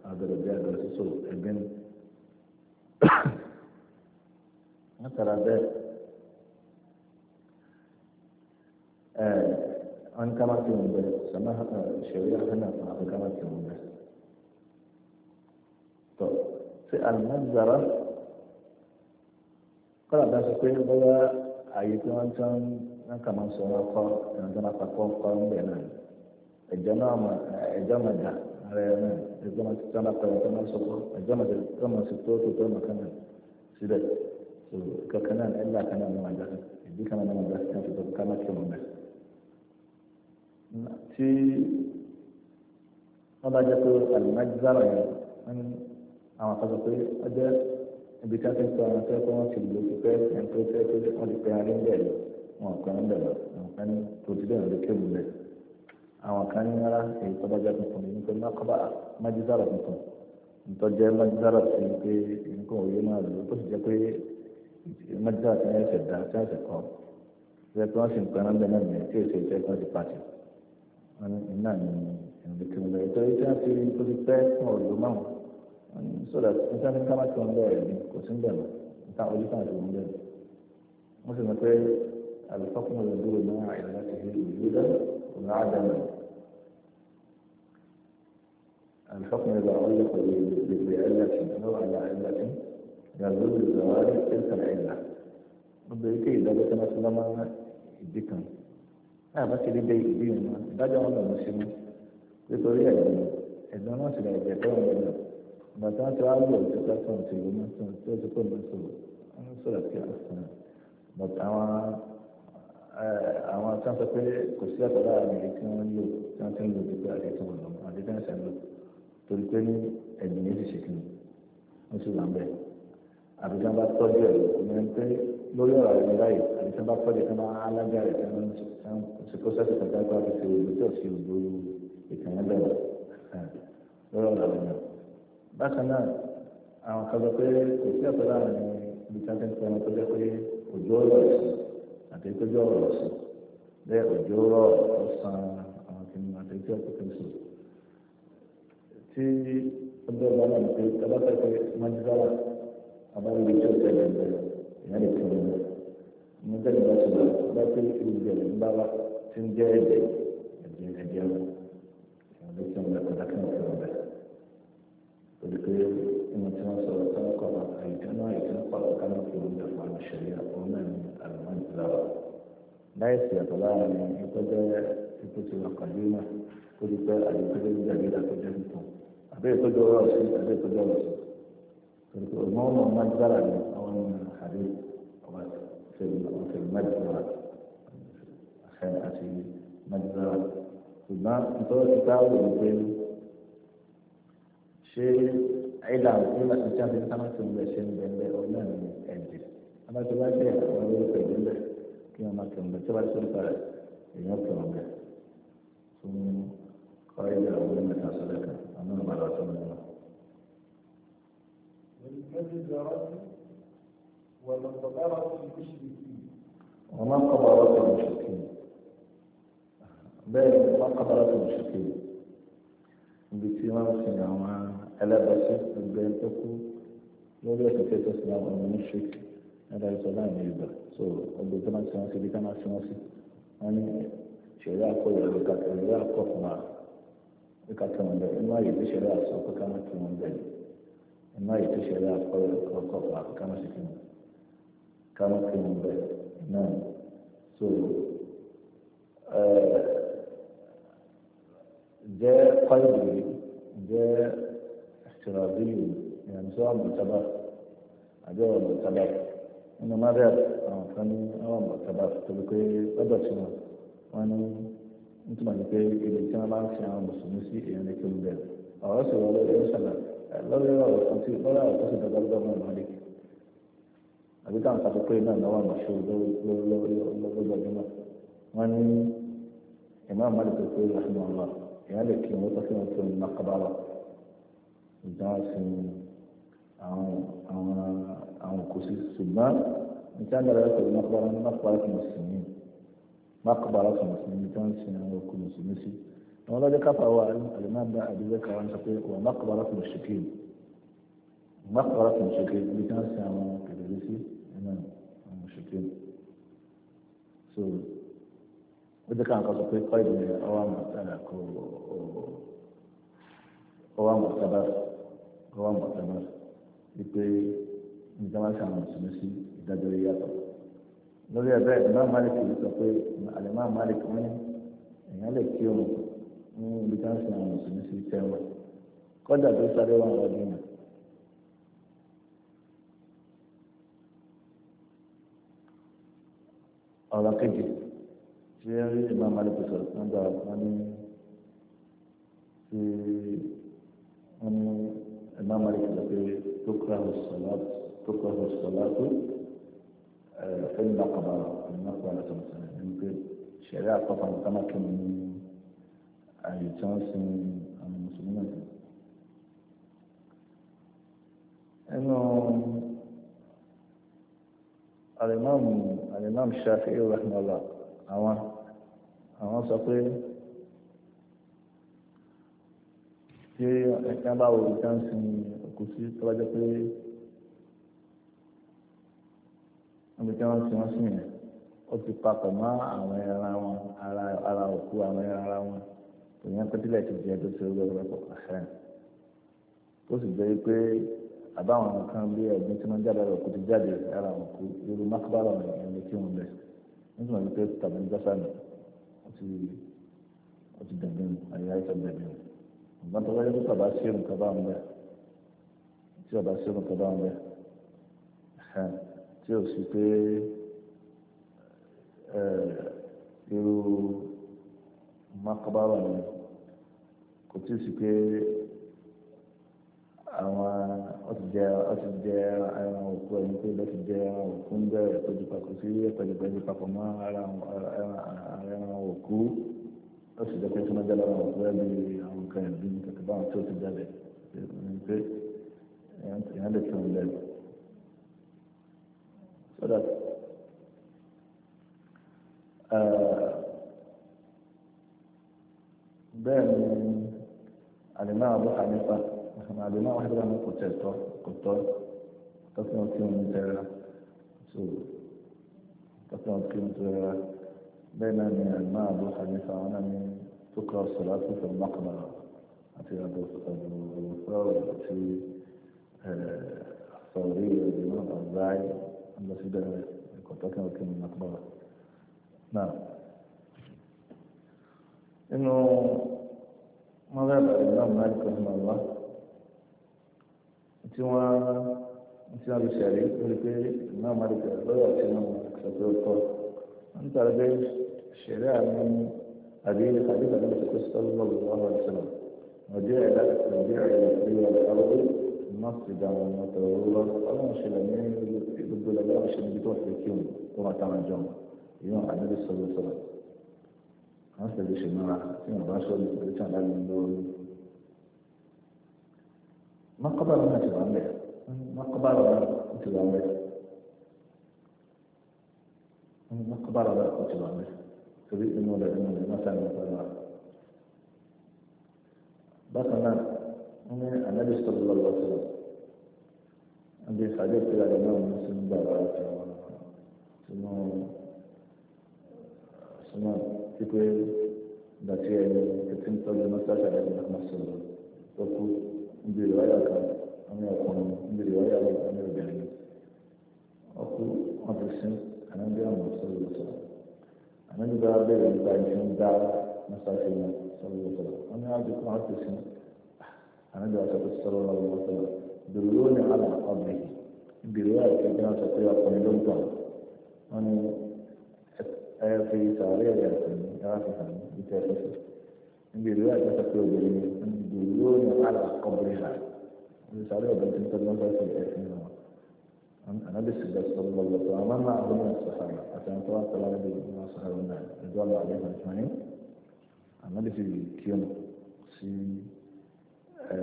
àbẹ̀rẹ̀ bí àbẹ̀rẹ̀ sísọ ẹ̀bí ni wọ́n tara bẹ́ẹ̀ ẹ̀ wọ́n ní ká ti wọn bẹ́ẹ̀ sàmáhà ṣẹ̀rí àfẹ́nà fún àbẹ̀ká má ti wọn bẹ́ẹ̀. àlùmọ́dìbàrà kọ́lá bá sọ pé bọ́lá ààyè tí wọ́n tán náà kà máa sọ̀rọ̀ ọkọ ìrìn tó máa pàkọ́ ọkọ ńbẹ̀ náà ẹ̀jọ́ náà mà ẹ̀jọ́ mà dà ara ẹ̀ náà ẹ̀jọ́ mà ti tán lápá ẹ̀ tó máa sọ̀kọ́ ẹ̀jọ́ mà ti tó mà sí tó tó tó mà kánà síbẹ̀ tó kankan náà ẹ̀là kan náà máa dà ìdí kan náà máa dà sí káfíńtò ká má kí wọn bẹ̀. tí wọ́n bá jẹ́ pé àlùmọ́ àwọn àkàtọ̀ pé ọjọ́ ibi tí a ti ń sọ àwọn tó kọ́ wọn ti lò ó pẹ́ ẹni tó tẹ́ tó wọ́n ti pẹ́ ara ń bẹ̀ lọ wọn kan ń bẹ̀ lọ wọn kan ní tòtí bẹ́ẹ̀ ló kébù bẹ̀ àwọn kan ní ara èyí tó bá jẹ́ tuntun ní pé mákàbà májísàrà tuntun ntọ́jẹ́ májísàrà ti ń pé nǹkan òye máa lò ó tó sì jẹ́ pé májísàrà ti ń ẹsẹ̀ dá ti ẹsẹ̀ kọ́ ṣe pé wọ́n sì ń pẹ́ ara ń náà nìyẹn tí èsì ìṣẹ́ kan ti pàṣẹ wọn ní ní so that nígbà tí kábà tí wọn bẹ̀rẹ̀ ni kò sí ń bẹ̀rẹ̀ níta oníkà àti wọn bẹ̀rẹ̀ wọn sì mọ̀ pé àlùfáàkùn rẹ̀ dúró náà àìlera ti fi ìlú dá òun á dá mọ̀ الحكم إذا علق بعلة أو على علة يدل بزوال تلك العلة بالبيتي ده بس مثلا ما يديكم اه بس اللي بي يديهم ده جواب المسلمين بطريقة إذا ما سمع يديكم bàtà tó àgbọ̀ tó kásán tó ìlú mọ́sán tó ti kó mọ́sán ń sọ̀rọ̀ sí àsán bàtà àwọn àwọn tí wọ́n sọ pé kò sí àtọ̀lá àmì tí wọ́n lò tí wọ́n ti ń lò dípẹ́ àti tí wọ́n lò àti tí wọ́n ṣe ń lò torí pé ní ẹ̀mí yẹn ti ṣe kí wọ́n sì wà ń bẹ̀ àbí tí wọ́n bá tọ́jú ẹ̀ lọ́kùnrin pé lórí ọ̀rọ̀ ẹ̀mí báyìí àbí tí wọ́n bá tọ́jú ẹ̀ máa alága rẹ̀ tí wọ́n ti kó sẹ́sì kọjá tó àti ṣe òdòdó sí òdòdó ìtàn lọ́rọ̀ ọ̀rọ̀ ẹ̀mí bákan náà àwọn kan sọ pé kò sí ọ̀tọ̀ láàrin ibi tí wọ́n ti ń pẹ́ wọn tó jẹ́ pé òjò ọ̀rọ̀ sí àti ìtọ́jú ọ̀rọ̀ sí bẹ́ẹ̀ òjò ọ̀rọ̀ ọ̀sán àwọn kìnìún àti ìtọ́jú ọ̀pọ̀ kìnìún sùn. tí ọjọ́ ọba náà pé ọba fẹ́ pé májísára ọba níbi tẹ̀lé ẹ̀ ìyá lè tún un ní bá ti wà bá pé ìlú ìbẹ̀rẹ̀ wa ti ń jẹ́ ẹ̀jẹ̀ ẹ̀jẹ̀ ẹ̀jẹ̀ wọn. ما يتنقل كلام في مدة عن الشريعة ومن المنزلة لا يستطيع أن يقدر في كتب قديمة كتب الكتب الجديدة كتبتم أبي كتب رأسي أبي كتب رأسي كتب المهم منزلة أو من الحديث أو في المجزرة أحيانا أتي مجزرة ثم انتظر كتاب ويقول شيء àyílà nígbà tó sábẹ́ sámásì ń bẹ ṣe ń bẹ bẹ ọ̀hún náà ní ẹ̀jẹ̀ àmọ́tò bá bẹ àwọn olùkọ́ ẹ̀jẹ̀ bẹ kí wọ́n máa kẹ́wọ́n bẹ tí wọ́n bá sọ̀rọ̀ parẹ́ èèyàn kẹ́wọ́n bẹ fún ọ̀rẹ́dẹ̀ àwọn onímọ̀ta sọ̀rọ̀ kan àwọn ọ̀nà bàbá tó ń lọ. ومن قبرات المشركين بين من قبرات المشركين بسيما سنعمان alábàáṣe gbogbo ẹni tó kú lórí ẹ̀sìn tẹ́tọ́ o àwọn ọmọ ní ṣe nígbà o bá ní ìgbà so ọgbẹ́ tó máa ti wọ́n sí ibi ká máa ti wọ́n sí wọ́n ní ṣẹ̀rẹ́ àkọ́ ìyàwó kàtà ìyàwó àkọ́ fún wa bí kàtà wọn bẹ̀ inú àyè tó ṣẹ̀rẹ́ àṣọ pé ká máa ti wọn bẹ̀ inú àyè tó ṣẹ̀rẹ́ àkọ́ ìyàwó kọ̀ fún ká máa ti wọn ká náà so jẹ́ kọ́lù jẹ́. شرازي يعني سواء معتبر أجوا معتبر أنا ما ذا آه، كان أو معتبر تلقي أبدا شنو وأنا أنت ما تبقي إذا كان ما شاء الله مسلمسي يعني كل ده أو سواء لو لا لا لا كنت ولا كنت تقدر ده عليك أبي كان تبقي أنا نوع مشهور لو لو لو لو لو لو وأنا إمام مالك رحمه الله يعني كي وتصل من المقبره ìdásìn àwọn àwọn àwọn kò sí ṣùgbọ́n níta ní ọ̀rẹ́ pẹ̀lú mákàbára ní mákàbára tó mùsùlùmí mákàbára tó mùsùlùmí tó ń sin àwọn okùn mùsùlùmí sí àwọn ọlọ́dẹ káfà wa alimami adigun kan wọn sọ pé wà mákàbára tó mùsùlùmí mákàbára tó mùsùlùmí tó ń sin àwọn kẹlẹ́lẹ́ sí ẹ̀nà àwọn mùsùlùmí so ó jẹ́ káwọn kan sọ pé kọ́ ìdílé ọwọ́ àmọ̀tá kò ọwọ́ àmọ̀tá bá kọ́ wà mọ̀tọ́ náà wípé nígbà máa ṣàwọn ìṣúná sí ìdájọ́ yìí yàtọ̀ lórí ẹ̀ bẹ́ẹ̀ ìmọ̀ malik yìí sọ pé àlẹ́mọ̀ malik wọ́n ní èèyàn lè kí òun ní ibi tí wọ́n ṣe àwọn ìṣúná sí tẹ́wọ̀n kọ́dà tó sáré wọn lọ́dún náà ọ̀rọ̀ kejì tí ẹ rí ìmọ̀ malik sọ̀rọ̀ nígbà wọn ní tí wọ́n ní. الإمام مالك الذي تكره الصلاة تكره الصلاة آه، في النقبة النقبة لا تمثل يمكن يعني الشريعة طبعا تمكن من أي تنس المسلمين إنه الإمام الإمام الشافعي رحمه الله أوان أوان سقيل ṣé ẹ̀ka bá wo ìtàn sin òkú sí tó bá jẹ́ pé níbi tí wọ́n sin wọ́n sìn yẹn ó ti papọ̀ mọ́ àwọn ẹran wọn ara òkú àwọn ẹran ara wọn kò yẹn pé tílẹ̀ ti jẹ́ tó ṣe olórí rẹpọ̀ ẹ̀hẹ́n ó sì jẹ́ pé àbáwọn kan bí ẹ̀gbin tí wọ́n jáde ara òkú ti jáde ara òkú irú mákàbárà ẹ̀yìn lè kí wọn bẹ̀ nítorí wọn ti pé tàbí gbọ́sà ni ó ti dàgbé mu àyè àìsàn dàgbé mu ṣùgbọ́n tó wáyé nípa bá ṣe nǹkan bá ń bẹ tí ọba ṣe nǹkan bá ń bẹ tí ò sí pé irú makabara ni kò tí ì sí pé àwọn ọtìjẹ ọtìjẹ ẹran òkú ẹni pé bẹ́ẹ̀ ti jẹ ẹran òkú ń bẹ̀rẹ̀ pẹ̀lú papọ̀ sí pẹ̀lú pẹ̀lú papọ̀ mọ́ ẹran òkú ó sì jẹ́ pé tí wọ́n jẹ́ lára ọ̀pọ̀ ẹbí àwọn nǹkan ẹ̀bí ní kẹ̀kẹ́ báwọn tí ó ti jáde pé èèyàn lè tún lẹ́nu. so that eh, bẹ́ẹ̀ ni àlìmá àbú hanifa àlìmá àwọn ẹgbẹ́ àwọn kò tẹ̀ tọ́ kò tọ́ tọ́kí wọn kí wọn tẹ̀ ra so tọ́kí wọn kí bẹ́ẹ̀ náà ni àgbà àbú hanifa wọn náà ni tó kọ́ sọ̀láṣí fún makmara àti àbú sọ̀rọ̀ àti sọ̀rí ìrìnà àgbáyé àgbàsídẹ̀ ìkọ̀tọ́kẹ́ òkè ní makmara náà nínú mọ́lẹ́bà ìlànà mẹ́rin kan wá tí wọ́n tí wọ́n lè ṣẹ̀rí lórí pé ìlànà mẹ́rin kan lọ́yọ̀ tí wọ́n sọ pé ó tọ́ nítorí pé الشراء من هذه الحديث النبي صلى الله عليه وسلم وجعل وجعل في الأرض مسجدا وطهورا أنا مش لمين يقول لك مش بتوع في كيوم وما تعمل جمعة يوم النبي صلى الله عليه وسلم أنا سألت شمارة يوم باشر بيتان لازم دول ما قبل ما تبغى ما قبل ما تبغى ما قبل ما تبغى torí inú rẹ̀ inú rẹ̀ má sàmì pẹ̀lú wa. bákan náà wọ́n ní anábì sọ̀rọ̀ lọ́wọ́ sọ̀rọ̀ àbí sàdé ìpìlẹ̀ rẹ̀ náà ní sínú bàbá àti àwọn sínú sínú pípé dàtí ẹni tètè ń tọ́jú ní sáṣà rẹ̀ náà má sọ̀rọ̀ tó kú ń bèrè wáyà kan àwọn ọkùnrin ń bèrè wáyà lọ́wọ́ àwọn obìnrin ọkùnrin wọn fi sin anábì àwọn sọ̀rọ̀ lọ́sọ̀rọ̀. ànábì bá bẹ̀rẹ̀ nípa ìṣe ń dá mọ́sáàsì náà sọ́dọ̀ lọ́sọ̀rọ̀ wọn ni àjọ kan àti sí ànábì bá sọ́dọ̀ sọ́dọ̀ lọ́wọ́ lọ́sọ̀rọ̀ bèrè ló ní àlà ọ̀bẹ̀ bèrè wà ìkẹjẹ náà sọ pé ọkùnrin ló ń tọ̀ wọn ni ẹ fi sàárẹ̀ rẹ̀ àtẹ̀yìn yàrá fi hàn ní tẹ́lifíṣọ̀ bèrè wà ìkẹjẹ sọ pé obìnrin ni bèrè ló ní àlà ọ̀bẹ̀ rà sàárẹ̀ ọ̀bẹ̀ tó ń tọ́jú mọ́sáàsì ẹ̀sìn anabi sida sọlọ lọtọ ama maa ọdún náà sahara àti àwọn tó wà pẹ̀lú anabi náà sahara náà ẹjọ lọ àlẹ náà tó yẹn anabi sì kí ọ sí ẹ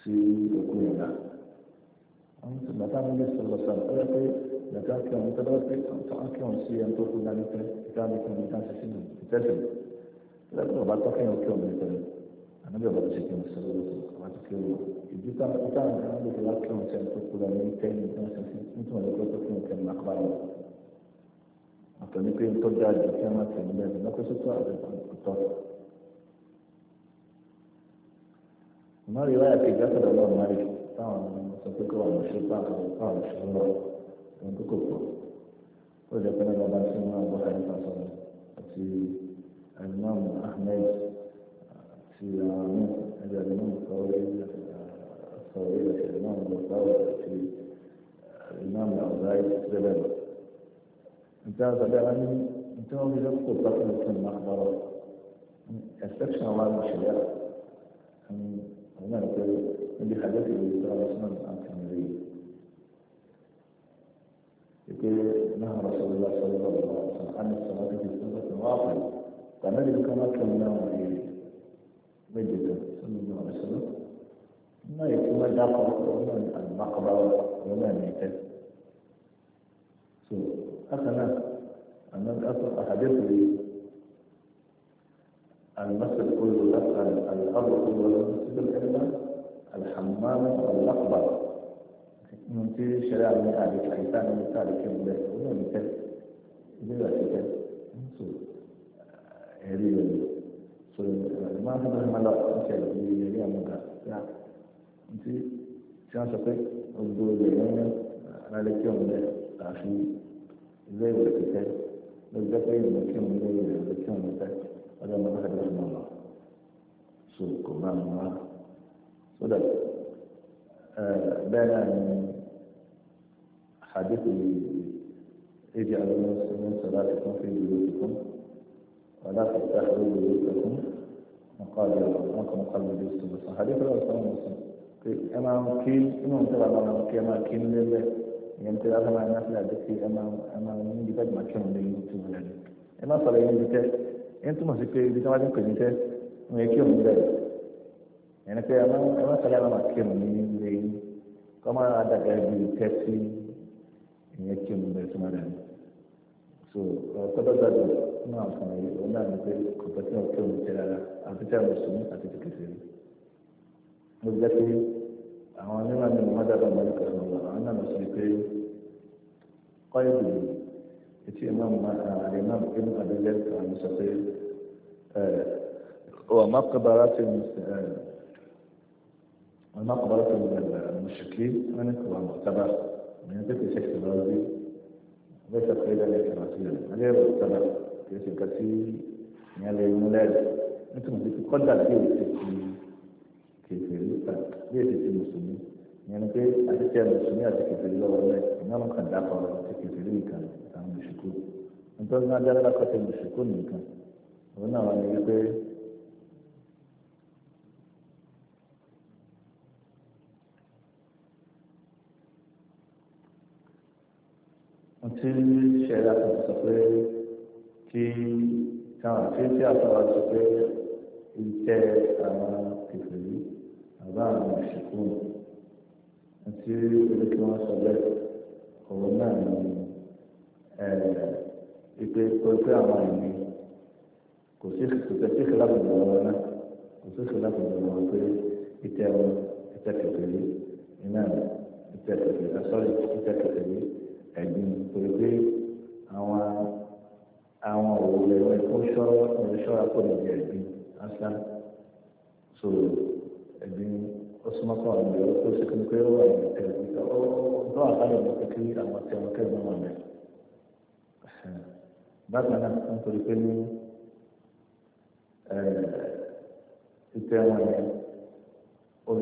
sí òkú yẹn náà wọn sì bàtà anabi sọlọ sọlọ ọ yẹ pé bàtà kí wọn tẹ bá pé tó wà kí wọn sí ẹn tó kú ànábì ọba e ti ṣèkìmọ̀ sọ̀rọ̀ lọ́sọ̀ ọba ti kí ọ̀rọ̀ ìdí táwọn táwọn kan ló fi láti kírun sẹ́ni tó kúrò ní tẹ́ni tó ń sẹ́ sí nítorí wọn lọ́kọ́ tó kírun sẹ́ni lápá lọ. ọ̀tọ̀ ní pé ń tọ́jú àjò kí wọ́n ti ń bẹ̀rẹ̀ lọ́kọ́ tó tó àjò kò tọ́. mọ́rí wáyà kejì àtọ̀dọ̀ lọ́wọ́ mọ́rí táwọn sọ pé kó àwọn ṣe bá àwọn ṣe ń lọ ohun tó kò pọ̀ ó jẹ́ pé náà bá ti ń wá àbọ̀ àyíká sọ̀rọ̀ àti àlùmọ́ àmọ́ Ahmed في عامات هذا الإمام الطويل الطويل الإمام الطويل في الإمام الأوزاعي الزبالة انتهى زبالة انتهى بذلك الضغط في المخبرة استكشف الله الشريعة هناك اللي حدث اللي صار اسمه الكاميري يقول نهى رسول الله صلى الله عليه وسلم عن الصلاة في السنة الواقع فنجد كما كنا عليه méjèèjì صلى الله عليه وسلم ما wọn داخل ọ̀nà المقبرة ọ̀nà ìmẹ̀tẹ́ so haka nan annan kasar المسجد كله الأرض كله المسجد الأكبر الحمامة والمقبرة من في شريعة من ذلك الإنسان من ذلك من ذلك ومن ذلك إذا ذلك نصوص so máa ń bẹ̀rẹ̀ máa lọ ọ̀kẹ́ ìlú ilé àmọ́gà yá ntí tí wọ́n sọ pé gbogbo ilẹ̀ ní alẹ́ kí òun lẹ̀ àfi ilé ìwé kíkẹ́ ló jẹ́ pé ìmọ̀ kí òun lé ilé ìwé kí òun lẹ̀ ọjọ́ máa bá ẹgbẹ́ ọmọ lọ so kò bá mi wá so that bẹ́ẹ̀ náà ni àdéhùn ìdí àwọn ọmọ sọ̀rọ̀ àti kọ́ńfẹ́ ìlú òkùnkùn. لا تفتحوا بيوتكم مقابل أمكم مقابل بيوتكم الصحابة فلا أصلا مسلم أمام كيل إنهم ترى أمام كيل أمام كيل لله يوم ترى أمام الناس لا تكفي أمام أمام من جبت ما كانوا بيوتهم لله أمام صلى يوم بيت أنتم مسكوا بيتوا عندكم كنيسة ما يكيهم لله يعني كي أمام أمام صلى أمام كيل من لله كما هذا قاعد يكفي يكيهم لله سبحانه so sábàbà bí nínú àwọn kan yìí òun náà ní pé kò bá tí wọn kí òun jẹ rárá àti tí a mùsùlùmí àti tí kìí sèré mo jẹ́ pé àwọn onímọ̀ ní mo má dábàá mọ́lẹ́ kan lọ́wọ́ àwọn náà lọ sí pé kọ́lé bìí etí imam imam ibn abilẹ̀ kan sọ pé wà má kọ́bara ti wà má kọ́bara ti mùsùlùmí wọn ni kò wà mọ̀ sábà ní ẹgbẹ́ kìí ṣe kìí lọ́wọ́ bíi. lẹ́sẹ̀ pé lẹ́lẹ́ kẹ̀rọ sí rẹ̀ wọ́n lérò ìtọ́lá kì í ṣe nǹkan tí ìyẹn lè mú lẹ́rẹ̀ nítorí mo ti kọ́dà bí èsì ti kèfèrí ta bí èsì ti mùsùlùmí ìyẹn ni pé àtẹ̀tẹ̀ mùsùlùmí àti kèfèrí lọ́wọ́ rẹ̀ ìyẹn ló kàn dápọ̀ ti kèfèrí nìkan àtàwọn mùsùlùmí nítorí náà dáadáa kọ́ tí ṣẹlẹ̀ àti sọ pé kí káwọn tí tí àtàwọn sọ pé iṣẹ́ àwọn kẹfìrí àbá àwọn òṣìkú àti orí kí wọ́n sọ bẹ́ẹ̀ òun náà ni ìpè pé àwọn ẹ̀mí kò sí ìṣẹ̀lẹ̀ àbùdó wọn náà kò sí ìṣẹ̀lẹ̀ àbùdó wọn pé ìtẹ̀ wọn ìtẹ̀ kẹfìrí iná ìtẹ̀ kẹfìrí asọ́lẹ̀ ìtẹ̀ ẹ̀gbin pé pé àwọn àwọn òwúlẹ̀ ẹ̀ ó ṣọ́ ẹ̀ ṣọ́ra pọ̀ níbi ẹ̀gbin aṣá so ẹ̀gbin ó súnmọ́ pọ̀ níbi ẹ̀ ó ṣe kí ó wà ní ẹ̀gbin ó bá àbáyọ̀ ní pé àwọn tí wọn kẹ́gbọ́n wọn lẹ̀ bákan náà nítorí pé ní títẹ yẹn ó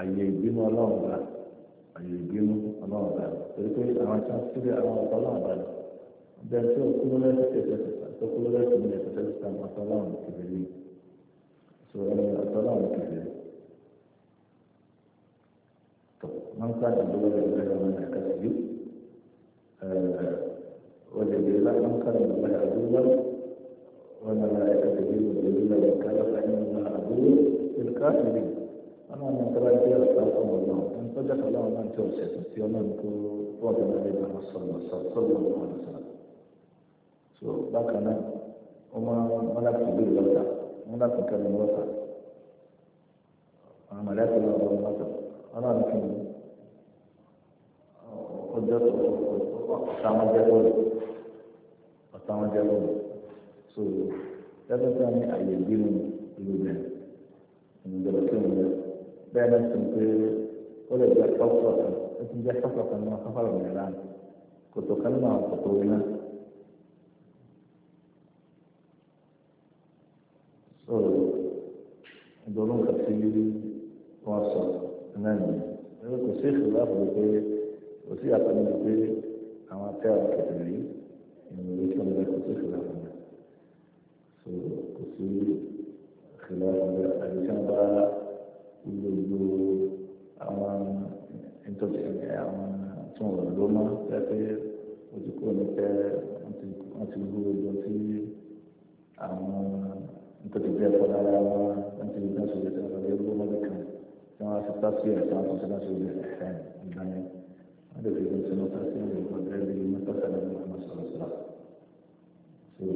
àyè ìbínú ọlọ́run láti. àyè ìbínú ọlọ́run bá torí pé àwọn tí wọ́n sílẹ̀ àwọn ọ̀tọ̀ ọlọ́run bá lọ bẹ́ẹ̀ tí ó kúrò lẹ́sẹ̀ tẹ̀sẹ̀ sísá tó kúrò lẹ́sẹ̀ ní ẹ̀sẹ̀ tẹ̀sẹ̀ sísá ọ̀tọ̀ ọlọ́run kìfẹ́ ní ìṣòro ẹni ọ̀tọ̀ ọlọ́run kìfẹ́ tó wọ́n ń sáàdì lọ́wọ́ ẹgbẹ́ ọmọ ẹ̀kẹ́ sí ولله من كان الله عدوا وملائكته وجبريل وكذا فإن الله عدو للكافرين wọn náà ní ìjọba jẹ́ ọ̀sán fún ọlọ́run ẹni tó jẹ́ ọlọ́run náà jẹ́ òṣèlú tí ọlọ́run kó wọ́ọ̀dù náà lè dáná sọ̀rọ̀ sọ̀rọ̀ ọ̀rọ̀ sọ̀rọ̀ so bákan náà ó máa wọn láti ìlú ìlọ́ta wọn láti kẹ́lẹ́ ìlọ́ta àwọn mọ̀lẹ́kọ̀ náà wọ́n lọ́tọ̀ wọn náà ní kí ni ọjọ́ ọ̀tá wọn jẹ́ lọ́rọ̀ ọ̀tá wọn jẹ́ lọ́rọ̀ so lẹ́gbẹ̀ẹ́ sáà ní àyè ìbínú ìlú bẹ́ẹ̀ ìlú bẹ́ẹ̀ kí ni bẹ́ẹ̀ bẹ́ẹ̀ bá ti pé ó lè jẹ́ kọ́kọ́ kan ó ti jẹ́ kọ́kọ́ kan náà kọ́kọ́ rẹ̀ nìyẹn kòtò kan náà kòtò iná. so ìdòrò nǹkan tí wọ́n sọ náà nìyẹn ẹ̀rọ kò sí ìṣòro àbúrò pé kò sí àtàlẹ́ ní pé àwọn atẹ́ àwọn kẹtẹ̀lẹ́ ìrìn òwe kí wọ́n sí ìṣòro àbúrò so kò sí ìṣòro àbúrò àdìsánbá. gbogbo àwọn nítorí àwọn tí wọn lò mọ́ pẹ́pẹ́ ojú kúrò ní pẹ́ wọ́n ti gbó ojú sí àwọn nítorí bí ẹ̀kọ́ lára wọn wọ́n ti gbé sórí ẹ̀sẹ̀ wọn lé gbó mọ́lẹ̀ kan tí wọ́n ti pàṣẹ di wọn tó ṣe láti orí ẹ̀sẹ̀ ìgbà yẹn wọ́n lè fi gbèsè lọ pàṣẹ ìwé ìgbọ̀dẹ́ bí mẹ́tọ́sẹ̀ lọ́wọ́ ọmọ sọ̀rọ̀ sọ̀rọ̀ so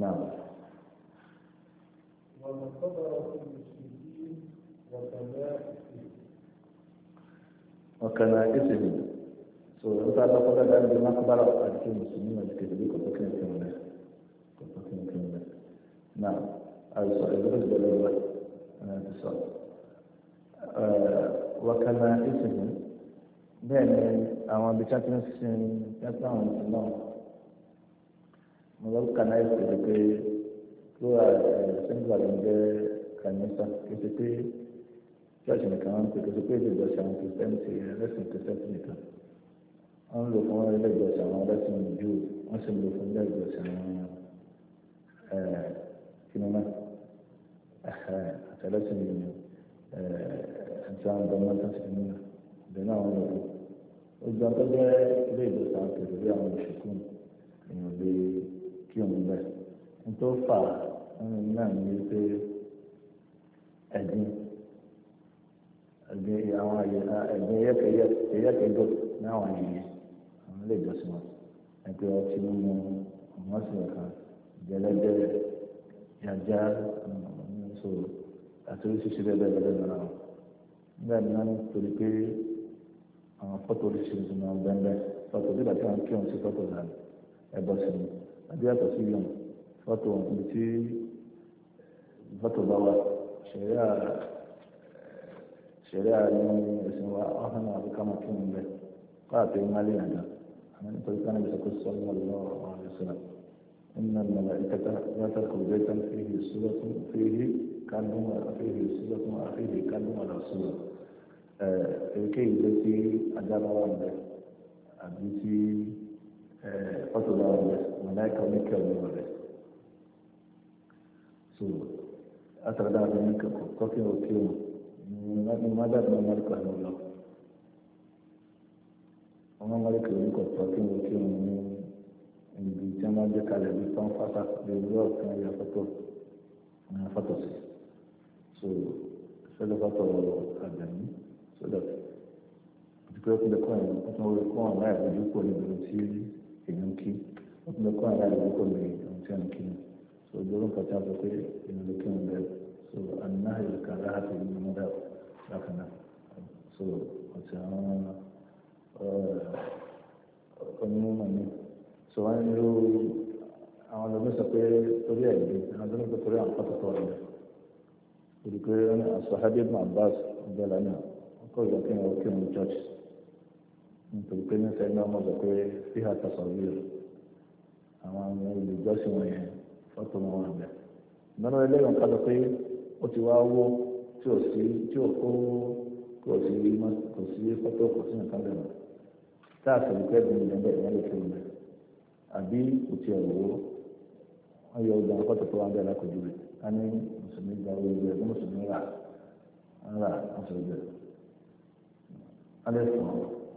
now. ومن صبر وكنائسهم سورة تعالى قد أن بما قبل أحد المسلمين الكتابي قد كان كمنا قد كان كمنا نعم أي سؤال بالنسبة لله أنا أتصل وكنائسهم بين أما بشكل سين يطلع من الله مولى كنائس كده كده سنجوالين كنيسة كده كده piacciono anche perché su che siamo cristiani, adesso in cristianità. Non lo fanno le leggi, siamo adesso in giù, non se lo fanno le leggi, siamo fino a me. Adesso eh, siamo da una tanti fino a me. Di no, non lo fanno. Ho già detto che le leggi sono anche, dobbiamo un sciacun, quindi di chi non investe. Non te lo fa, non è niente, è niente. ẹgbẹ́ àwọn ẹgbẹ́ yẹ́kẹ̀yẹ́kẹ̀dọ̀ láwọn ènìyàn àwọn ilé ìjọsìn wọn ẹgbẹ́ ọtí mímu ọmọ sí ọ̀kan jẹlẹjẹlẹ yàjá ọmọọmọọmọ àti oríṣiríṣi bẹ́ẹ̀ bẹ́ẹ̀ bẹ́ẹ̀ lọ́la wọn. nígbà tí wọ́n torí pé àwọn fọ́tò oríṣiríṣi máa ń bẹ́ẹ̀ fọ́tò bí bàtí wọn kí wọn sí fọ́tò náà ẹ̀bọ̀ sí ni àbí yàtọ̀ sí yọ̀n fọ́tò wọn ibi tí fọ́tò bá wà ṣẹ̀yà ṣẹ̀ríà ní ẹ̀sìn wa wọ́n fẹ́ máa fi ká máa kírun bẹ́ẹ̀ kó àti ẹ̀ máa lè yàn dá àmọ́ nítorí ká níbi sọ́kò sọ́nù ọlọ́run ọ̀rẹ́ sílẹ̀ nínú ìmọ̀lá ìkẹta yàtà kò jẹ́ tán fíhì sílọ́tún fíhì kádùn fíhì sílọ́tún àfíhì kádùn ọ̀rọ̀ sílọ̀ èyíkéyìí ló ti agbára wà ń bẹ àbí tí ọ̀tọ̀ bá wà ń bẹ mọ̀láìkà oníkẹ́wọ̀n wà bẹ́ẹ̀ so àtàràdà àbẹ̀mí kọ̀ọ̀kọ́ kí wọ́n kí wọ́n. ní mọ́dàbí amẹ́ríkà ló lọ ọmọ amẹ́ríkà yìí kò tọ́ kí wọ́n kí wọ́n ní ibi tí wọ́n gbé kalẹ̀ bí pọ́n fásá lè rí ọ̀kan ẹ̀yà fọ́tò ẹ̀yà so sọ́dọ̀ fọ́tò àgbẹ̀mí sọ́dọ̀ dúpẹ́ kúndé kọ́ ẹ̀ wọ́n tún wọlé kọ́ àwọn àìbójú kò níbi ohun tí èèyàn ń kí wọ́n tún lè kọ́ àwọn àìbójú kò níbi ohun tí so ìgbóhùn kọjá sọ pé èèyàn ló kí so ànínáhìí kàrá àti ìlú mọ́dàbí bákan so ọ̀tí àwọn onímọ̀ mi so wọ́n ń lo àwọn ọmọ sọ pé torí ẹ̀ lé àwọn ọmọ sọ pé torí àwọn pàtàkì ọ̀rọ̀ rẹ̀ ìdí pé àṣọ̀hábí ibn Abbas ọ̀gbẹ́lá náà ọkọ̀ ìgbà kí wọ́n kí wọ́n church nítorí pé nífẹ̀ẹ́ náà wọ́n sọ pé fíhà tàṣà rí rẹ̀ àwọn olùjọ́sìn wọn yẹn fọ́tò wọn wà bẹ́ẹ̀. ìmọ̀ràn ẹlẹ́yìn kan sọ pé ó ti wá wó tí ò sí tí ò kó kò sí mọ kò sí kótó kò sí nǹkan bẹ̀rẹ̀ tá a sọ wípé ẹ̀dùn ìjọba ìyá lè fi rẹ̀ àbí kò tiẹ̀ wò ó wọ́n yọ ọgbà kótó tó wà bẹ́ẹ̀ lákòjú rẹ̀ ká ní mùsùlùmí gba owó ìwé ẹ̀dùn mùsùlùmí rà ń rà ń sọ ìbẹ̀rẹ̀ wọ́n lè sọ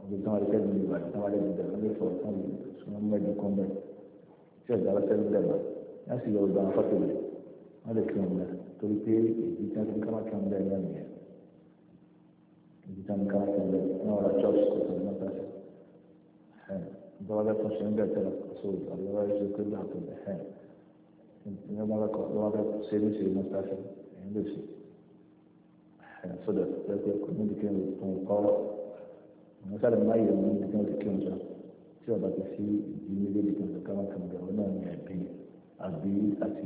ọ̀gbìn tí wọ́n lè kẹ́dùn ìwà tí wọ́n lè dìbẹ̀ wọ́n lè tí wọ́n mẹ́jọ bẹ̀rẹ̀ láti yọ ọgbà kótó wọ́n lè fi hàn mẹ́ torí pé èyí tí wọ́n ti ká máa kí wọ́n bẹ́ẹ̀ náà nìyẹn èyí tí wọ́n ti ká máa kí wọ́n bẹ́ẹ̀ náà ọ̀rọ̀ church kò tó ní wọ́n tẹ̀sí ìjọba bẹ́ẹ̀ tún ṣe la bẹ̀ tẹ́lẹ̀ so àbúrò ẹ̀ ṣe pé gbà tó bẹ̀ ẹ̀ ìjọba bẹ́ẹ̀ kọ́ ìjọba bẹ́ẹ̀ ṣe ní ṣe ní wọ́n tẹ̀sí ẹ̀yìn lè ṣe ẹ̀ sọ́dọ̀ pé kò ní ìdíkẹ́ òun kọ́ àwọn sáré máa yẹ ní ìdíkẹ́ òdìkẹ́ che jọ tí ọba ti fi ìdí méjèèjì kan tó ká máa kàn bẹ̀ ọ́ náà ní ẹ̀bí àbí àti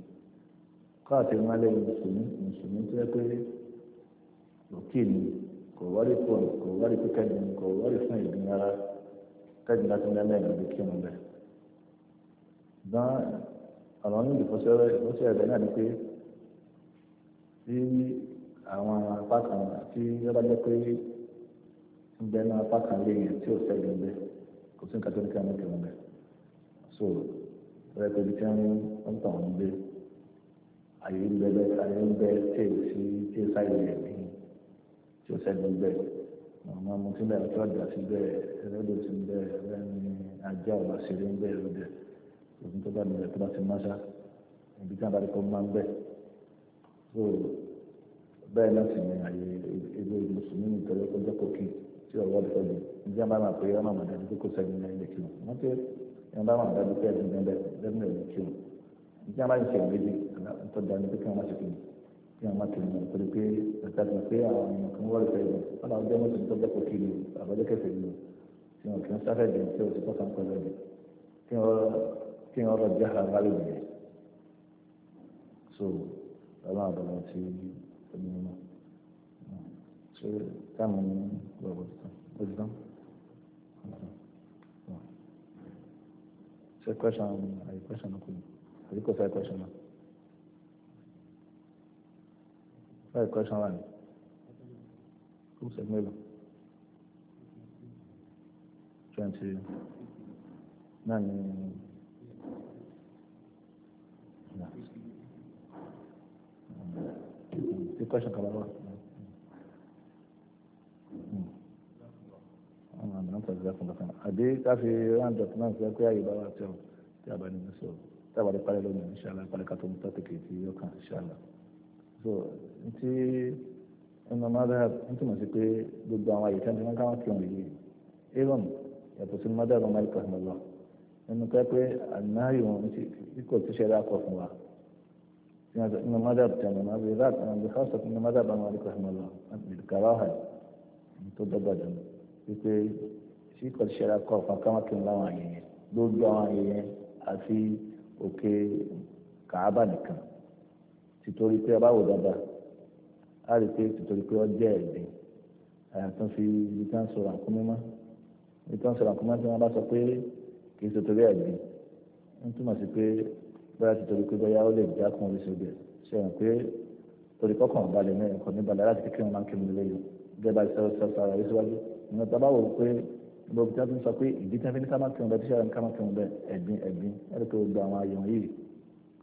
káàtì wọn lé mùsùlùmí mùsùlùmí tó yẹ pé òkè ni kò wárí pọ̀ kò wárí pé kẹ́yìn kò wárí fún ara kẹ́yìn láti ní ẹlẹ́yìn ló kírun bẹ́ẹ̀. ṣùgbọ́n àwọn onídìí fọ́sẹ́rẹ́ ìfọ́sẹ́ ẹ̀rẹ́ náà ni pé tí àwọn apá kan tí yọba jẹ́ pé ń bẹ náà apá kan lé yẹn tí ò kò sí nǹkan tó ní kí wọ́n so ẹ̀rẹ́ pé ibi tí wọ́n àyè ń bẹ àyè ń bẹ tè sí tè sáyé rẹ̀ ní tí ó sẹ́gun bẹ̀ màmá mo ti bẹ̀rẹ̀ tí ó dà sí bẹ́ẹ̀ ẹlẹ́dọ̀ ti ń bẹ́ẹ̀ lẹ́ni ajá ọ̀la sí rí ń bẹ́ẹ̀ lóde òun tó bá nílẹ̀ tó bá ti máṣá ibi tí abalẹ̀ kan máa ń bẹ̀ so bẹ́ẹ̀ náà sì ni àyè ilé mùsùlùmí nítorí ó jẹ́ kókì tí ọ̀wọ́ ọ̀dọ́ ni ìjẹ́ bá máa pè é ọmọ àdájú pé kò sẹ́gun ní ilé kí wọn wọ́n ti ẹ̀ bá máa dájú pé ẹ̀dùn ní ẹ̀dùn ní kí wọn ìjẹ́ bá ń ṣe tó dání pé kí wọn má ṣe kíni kí wọn má tẹ̀lé wọn torí pé àtàkùn pé àwọn èèyàn kan wọ́n rẹ̀ fẹ́ yẹn wọn làwọn jẹ́ mọ̀sùn tó dẹ́kọ̀ kiri àbájẹ́ kẹfẹ́ yìí tí wọn kì í sáfẹ́ jẹ tí wọn sì tọ́ka ń pẹ̀lú ẹ̀ kí wọn rọ̀ jẹ́ ara rẹ̀ yẹn so ọlọ́run àbọ̀lọ́ ti onímọ̀ ṣé táwọn gbọ̀gbọ̀ tó tán So question, I question, I question. Very question one. Who said Melo? Twenty nine. Yeah. Um, the question comes up. àbí káfí round up náà fẹ́ pé àyè bá wà tẹ̀ ọ́ tí a bá nínú sọ̀rọ̀ tí a bá lè parí lónìí inṣàlá parí ká tó ń tọ́ tèkè tí yóò kàn inṣàlá so ntí ẹnu madhab ntúmọ̀ sí pé gbogbo àwọn àyíká tí wọ́n káwọn kírun yìí aaron yàtọ̀ sí madhab ọmọ ìkọ̀ ọ̀hún lọ ẹnu pẹ́ pé ànáyò wọn ti ikọ̀ tó ṣẹlẹ̀ akọ fún wa ẹnu madhab tí àwọn ọmọ ìlà àwọn ọmọ ìkọ̀ ọ̀hún ẹnu madhab ọmọ ìkọ̀ ọ̀hún lọ ìdíkàláhà tó dọ́gba dùn wípé ikọ̀ tó ṣẹlẹ̀ akọ fún káwọn kírun láwọn àyè yẹn gbogbo àwọn àyè yẹn àfi òkè kàábà nìkan tìtorí pé ọba wò dáadáa á rí i pé tìtorí pé ọ jẹ́ ẹ̀gbìn àyàtọ̀ fi ibi tí wọ́n ń sọ̀rọ̀ àkúnmọ́mọ́ ibi tí wọ́n ń sọ̀rọ̀ àkúnmọ́ tí wọ́n bá sọ pé kì í ṣe torí ẹ̀gbìn ń túmọ̀ sí pé bóyá tìtorí pé bóyá ó lè já kún orí sóbì ẹ̀ ṣe hàn pé torí kọ́kàn balẹ̀ ní ẹ̀kọ́ ní balẹ̀ láti kékeré wọn máa ń kí lélẹ́yìn gẹ́gẹ́ bá sọ sọ ara yìí síwájú a bá wò ó pé gbogbo tí wọ́n ti sọ pé ìdí tí wọ́n fi ní ká má kírun bẹ́ẹ̀ tí wọ́n ká má kírun bẹ́ẹ̀ ẹ̀gbin ẹ̀gbin ẹ̀rọ pé gbogbo àwọn àyàn yìí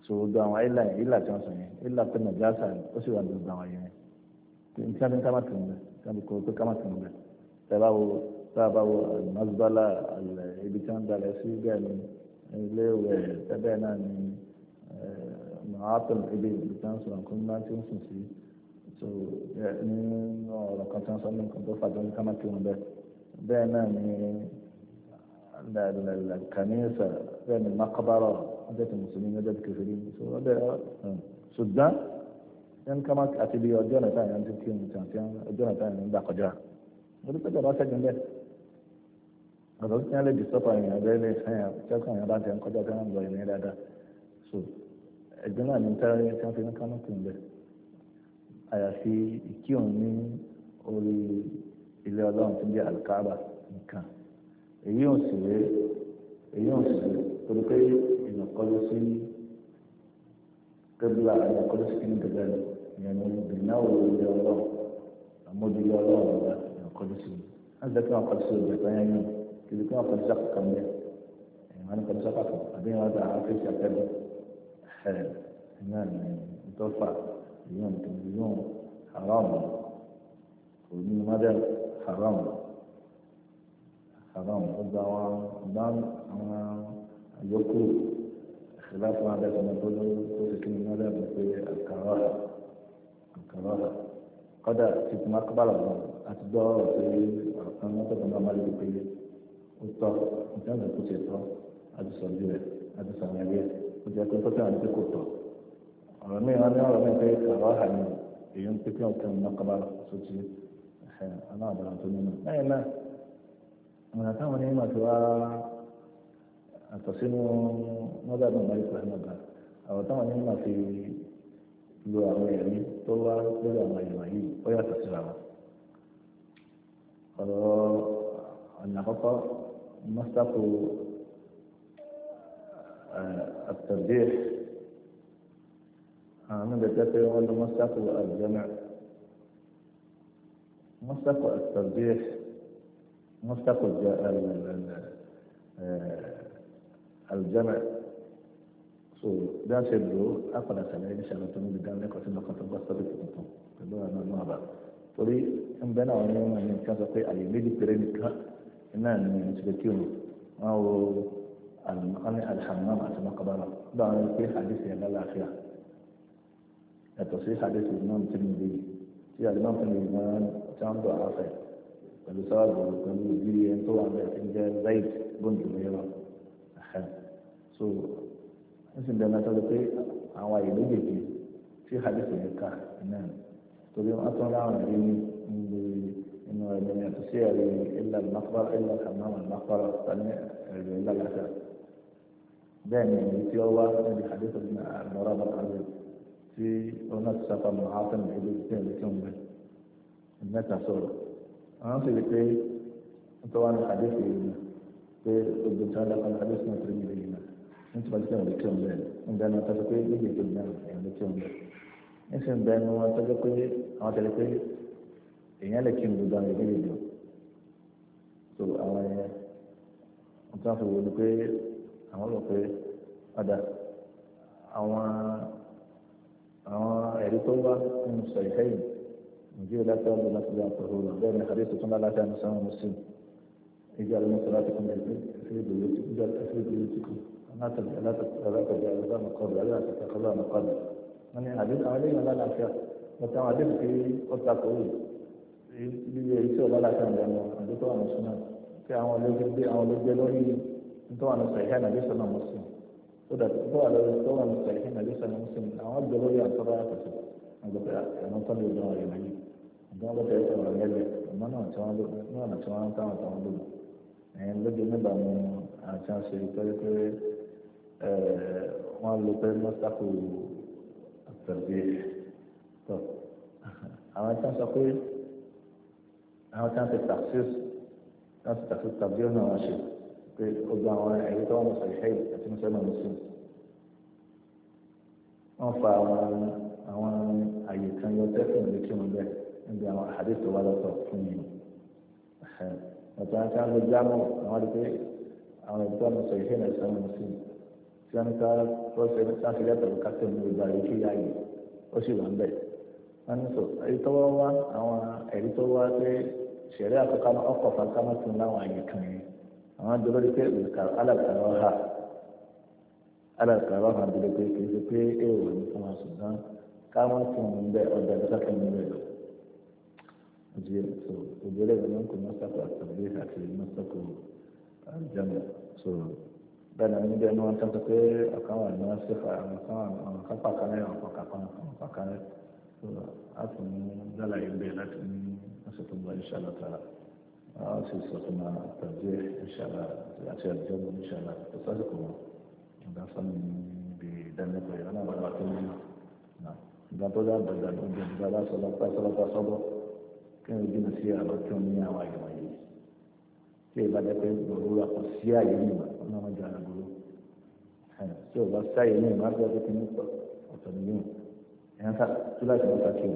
so gbogbo àwọn ilà yẹn ilà tí wọn sọ yẹn ilà tó nà jáàsà ó sì wà ní gbogbo àwọn yẹn ní sábẹ ní kámá tìǹbà sábẹ kò tó kámá tìǹbà sábà wo sábà wo alùmọ́sibálà alẹ́ ibi tí wọ́n dalẹ̀ sí bẹ́ẹ̀ ni ilé ìwẹ̀ tẹ́bẹ̀ náà ni mọ̀hátùn ibi ibi tí wọ́n sọ nǹkan máa ti ń sùn sí so nínú ọ̀rọ̀ kan tí wọ́n sọ ní nǹkan tó fàdé ní kámá tìǹbà bẹ́ẹ̀ bẹ́ẹ̀ náà ni kàníyèsà bẹ́ẹ̀ ni makabara ọjọ́ ti mùsùlùmí ọjọ́ ti kẹfìrí ọjọ́ ṣùgbọ́n yẹn ká má àti bí ọjọ́ nàta yẹn ti kí nìkan tí ọjọ́ nàta yẹn ń gbà kọjá lórí pẹ́jọ́ bá ṣẹ́gun bẹ́ẹ̀ ọ̀dọ́ tí wọ́n lè di sọ́pà yẹn ọ̀dọ́ ilé ìfẹ́yàn tẹ́kùn yẹn bá ti ń kọjá tí wọ́n ń lọ ìrìn dáadáa so ẹgbẹ́ náà ní tẹ́rẹ́ tí wọ́n fi ní kánú kù ń bẹ̀ àyàfi ìkí òun ní orí ilé ọlọ́run tó jẹ́ àlùkáàbà nìkan èyí ò sì ré èyí ò sì ré torí pé إلى قدس قبلة إلى قدس كنت قبل يعني بالنور إلى الله أمود إلى الله إلى قدس هذا كان قدس البريطاني كذا كان قد سقط كم يعني أنا قد سقط بعدين هذا عارف يعتبر حلال يعني متوفى اليوم اليوم حرام ومن ماذا حرام حرام هذا نعم يقول خلاف ما ذاك نقول ولكن ماذا بقي الكراهة الكراهة قد تتمقبل أتدور في أنا تبغى ما بقي وطا مثلا كنت ترى هذا صديق هذا صنعية وجاء كنت ترى أنت كنت أنا ما أنا أنا ما في كراهة يعني يوم تكلم كم نقبل سوتي أنا أنا أنا أنا أنا أنا أنا أنا أنا àtọ̀ sínú mọ́gàdùn malik rahimahullah àwọn táwọn ní máa fi lo àwọn ẹ̀rí tó wá lórí àwọn ìwà yìí ó yàtọ̀ síra wọn. ọ̀rọ̀ ọ̀nà àkọ́kọ́ mọ́sáfù الترجيح أنا بتفق ولا مصدق الجمع مصدق الترجيح مصدق الجمع سو دا سيدو اقلا سلاي ان شاء الله تمو دا نك وتن نقطه بسطه في تطو كدو انا ما با تولي ان بنا وني ما نك تصقي علي ميدي بيرينكا ان انا من سكتيون او المقنع الحمام اسما قبره دا في حديث يا الله اخيا التصريح حديث الامام الترمذي يا الامام الايمان كان دو عافيه بالصلاه والقول يجري ان طلع من زيد بن جميله so ń sì dẹ́nu ẹ̀tọ́ pé àwọn àyè méjèèjì tí hadith yẹn kà náà torí wọn tún láwọn ẹ̀rí ní inú ẹ̀mí ní ẹ̀tọ́ sí ẹ̀rí ilà al-maqbar ilà hammam al-maqbar tani ẹ̀rí ilà lásà bẹ́ẹ̀ ni èyí tí ó wá níbi hadith ó wá níbi hadith ọ̀dún àgbọ̀rọ̀ bàtàlẹ̀ tí wọn náà ti sáfà mọ́ àwọn tẹ̀lé ìlú tí ẹ̀rí tí ó ń bẹ̀ mẹ́ta sọ̀rọ̀ àwọn sì rí pé nítorí wọn ní hadith yìí pé ogun tí wọn dákọ̀ ní hadith náà tó ń bẹ̀ dako ni nítorí pàṣẹ àwọn olùkí ọ̀hún bẹ́ẹ̀ ń bẹ́ẹ̀ náà tọ́jú pé méjì ètò ìgbà èèyàn olùkí ọ̀hún bẹ́ẹ̀ níṣẹ́ ń bẹ́ẹ̀ ni wọ́n tọ́jú pé àwọn tẹ̀lé pé èèyàn lè kí ń gbogbo àwọn ìbéèrè jù tó àwọn ẹ̀yẹn wọ́n tún á fi wò ni pé àwọn rò pé ọ̀dà àwọn àwọn ẹ̀rí tó wá nínú sọ ìfẹ́yìn نجيب لا تعلم لا تدع طهورا بين حديث كما لا تعلم سامع مسلم اجعل من صلاتكم في بيوتكم اجعل في بيوتكم لا لا تتجاوز مقابل لا تتخذ مقابل من حديث عليه لا لا شيء متعدد في قطع قوي يسوع لا لا كان لأنه عنده طبعا مسلم في عمل الجدي عمل الجلوي طبعا صحيح أنا ليس أنا مسلم وده طبعا طبعا صحيح أنا ليس أنا مسلم عمل الجلوي عن طبعا كسب أنا أنا طالب الجماعة يعني أنا بتعيش على مجلة ما أنا أتعامل ما أنا أتعامل أتعامل يعني لجنة بعمر عشان شيء كذا wọ́n lo pé mọ́sákù àtẹ̀lé tọ́ àwọn tí wọ́n sọ pé àwọn tí wọ́n ti tàxis wọ́n ti tàxis tàbí ọ̀nà wọn ṣe pé gbogbo àwọn ẹ̀rí tó wọ́n sọ ìṣe yìí àti mùsùlùmí mùsùlùmí wọ́n fa àwọn àwọn àyè kan yọ tẹ́sán lè kí wọn bẹ́ẹ̀ níbi àwọn àdéhùn tó wà lọ́tọ̀ fún yìí ọ̀tọ̀ àti àwọn gbogbo àwọn àwọn àdéhùn àwọn ìgbà mùsùlùmí ìṣe náà ìṣe mùsùlùmí. tí wọ́n ní ká rọ́ọ̀sẹ̀ láti lẹ́tọ̀ kásẹ̀ ní gbogbo àyè kí yá yìí ó sì wà ń bẹ̀. wọ́n ní sọ èyí tó wá wá àwọn ẹ̀rí tó wá pé ṣẹ̀rẹ́ àkọ́kọ́ ọkọ̀ fàkámọ́ tún láwọn àyè kan yẹn àwọn dọ́lọ́ di pé alàkàrọ̀ ha alàkàrọ̀ ha dọ́lọ́ pé kì í ṣe pé èèwọ̀ ní fún wa ṣùgbọ́n káwọn tún ń bẹ ọ̀dà ìdọ́sàkẹ́ ń bẹ lọ. ìdílé ìdílé bẹ́ẹ̀ ni níbi ẹni wọn tán tó pé ọ̀kan wà ní wọn ṣèfà àwọn kan pàkánlẹ̀ àwọn kan pàkánlẹ̀ a tún lálàyé bẹ́ẹ̀ láti ní ọ̀sẹ̀ tó ń bọ̀ ìṣàlọ̀ tààrà a sì sọ fún wa tàbí ìṣàlọ̀ àti àjọ mọ̀ ìṣàlọ̀ tó sásìkò wọn ìgbà sọ́nù níbi ìdánilẹ́kọ̀ọ́ yẹn náà wàlúwà tó ń bí náà ìgbà tó dá àgbàgbà ló ń bí ìgbà bá sọlọ pa sọlọ pa sọdọ kí tí o bá sáyé ní ìmọ̀ àti ọdún kìíní pọ̀ ọ̀tọ̀ ní yìí ẹ̀yàn ká tó láti wọ́n ká kí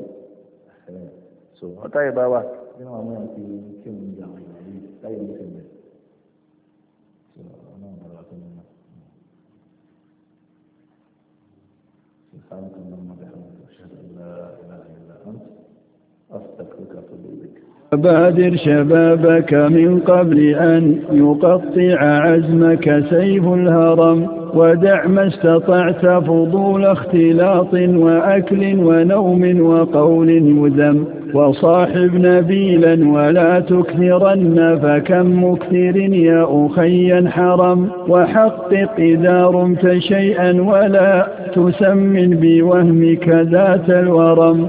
so ọ̀tá yìí bá wà nínú àwọn ọmọ yẹn ti kí o ń àwọn ìwà yìí táyé ní ìsinmi بادر شبابك من قبل أن يقطع عزمك سيف الهرم ودع ما استطعت فضول اختلاط وأكل ونوم وقول يذم وصاحب نبيلا ولا تكثرن فكم مكثر يا أخي حرم وحقق إذا رمت شيئا ولا تسمن بوهمك ذات الورم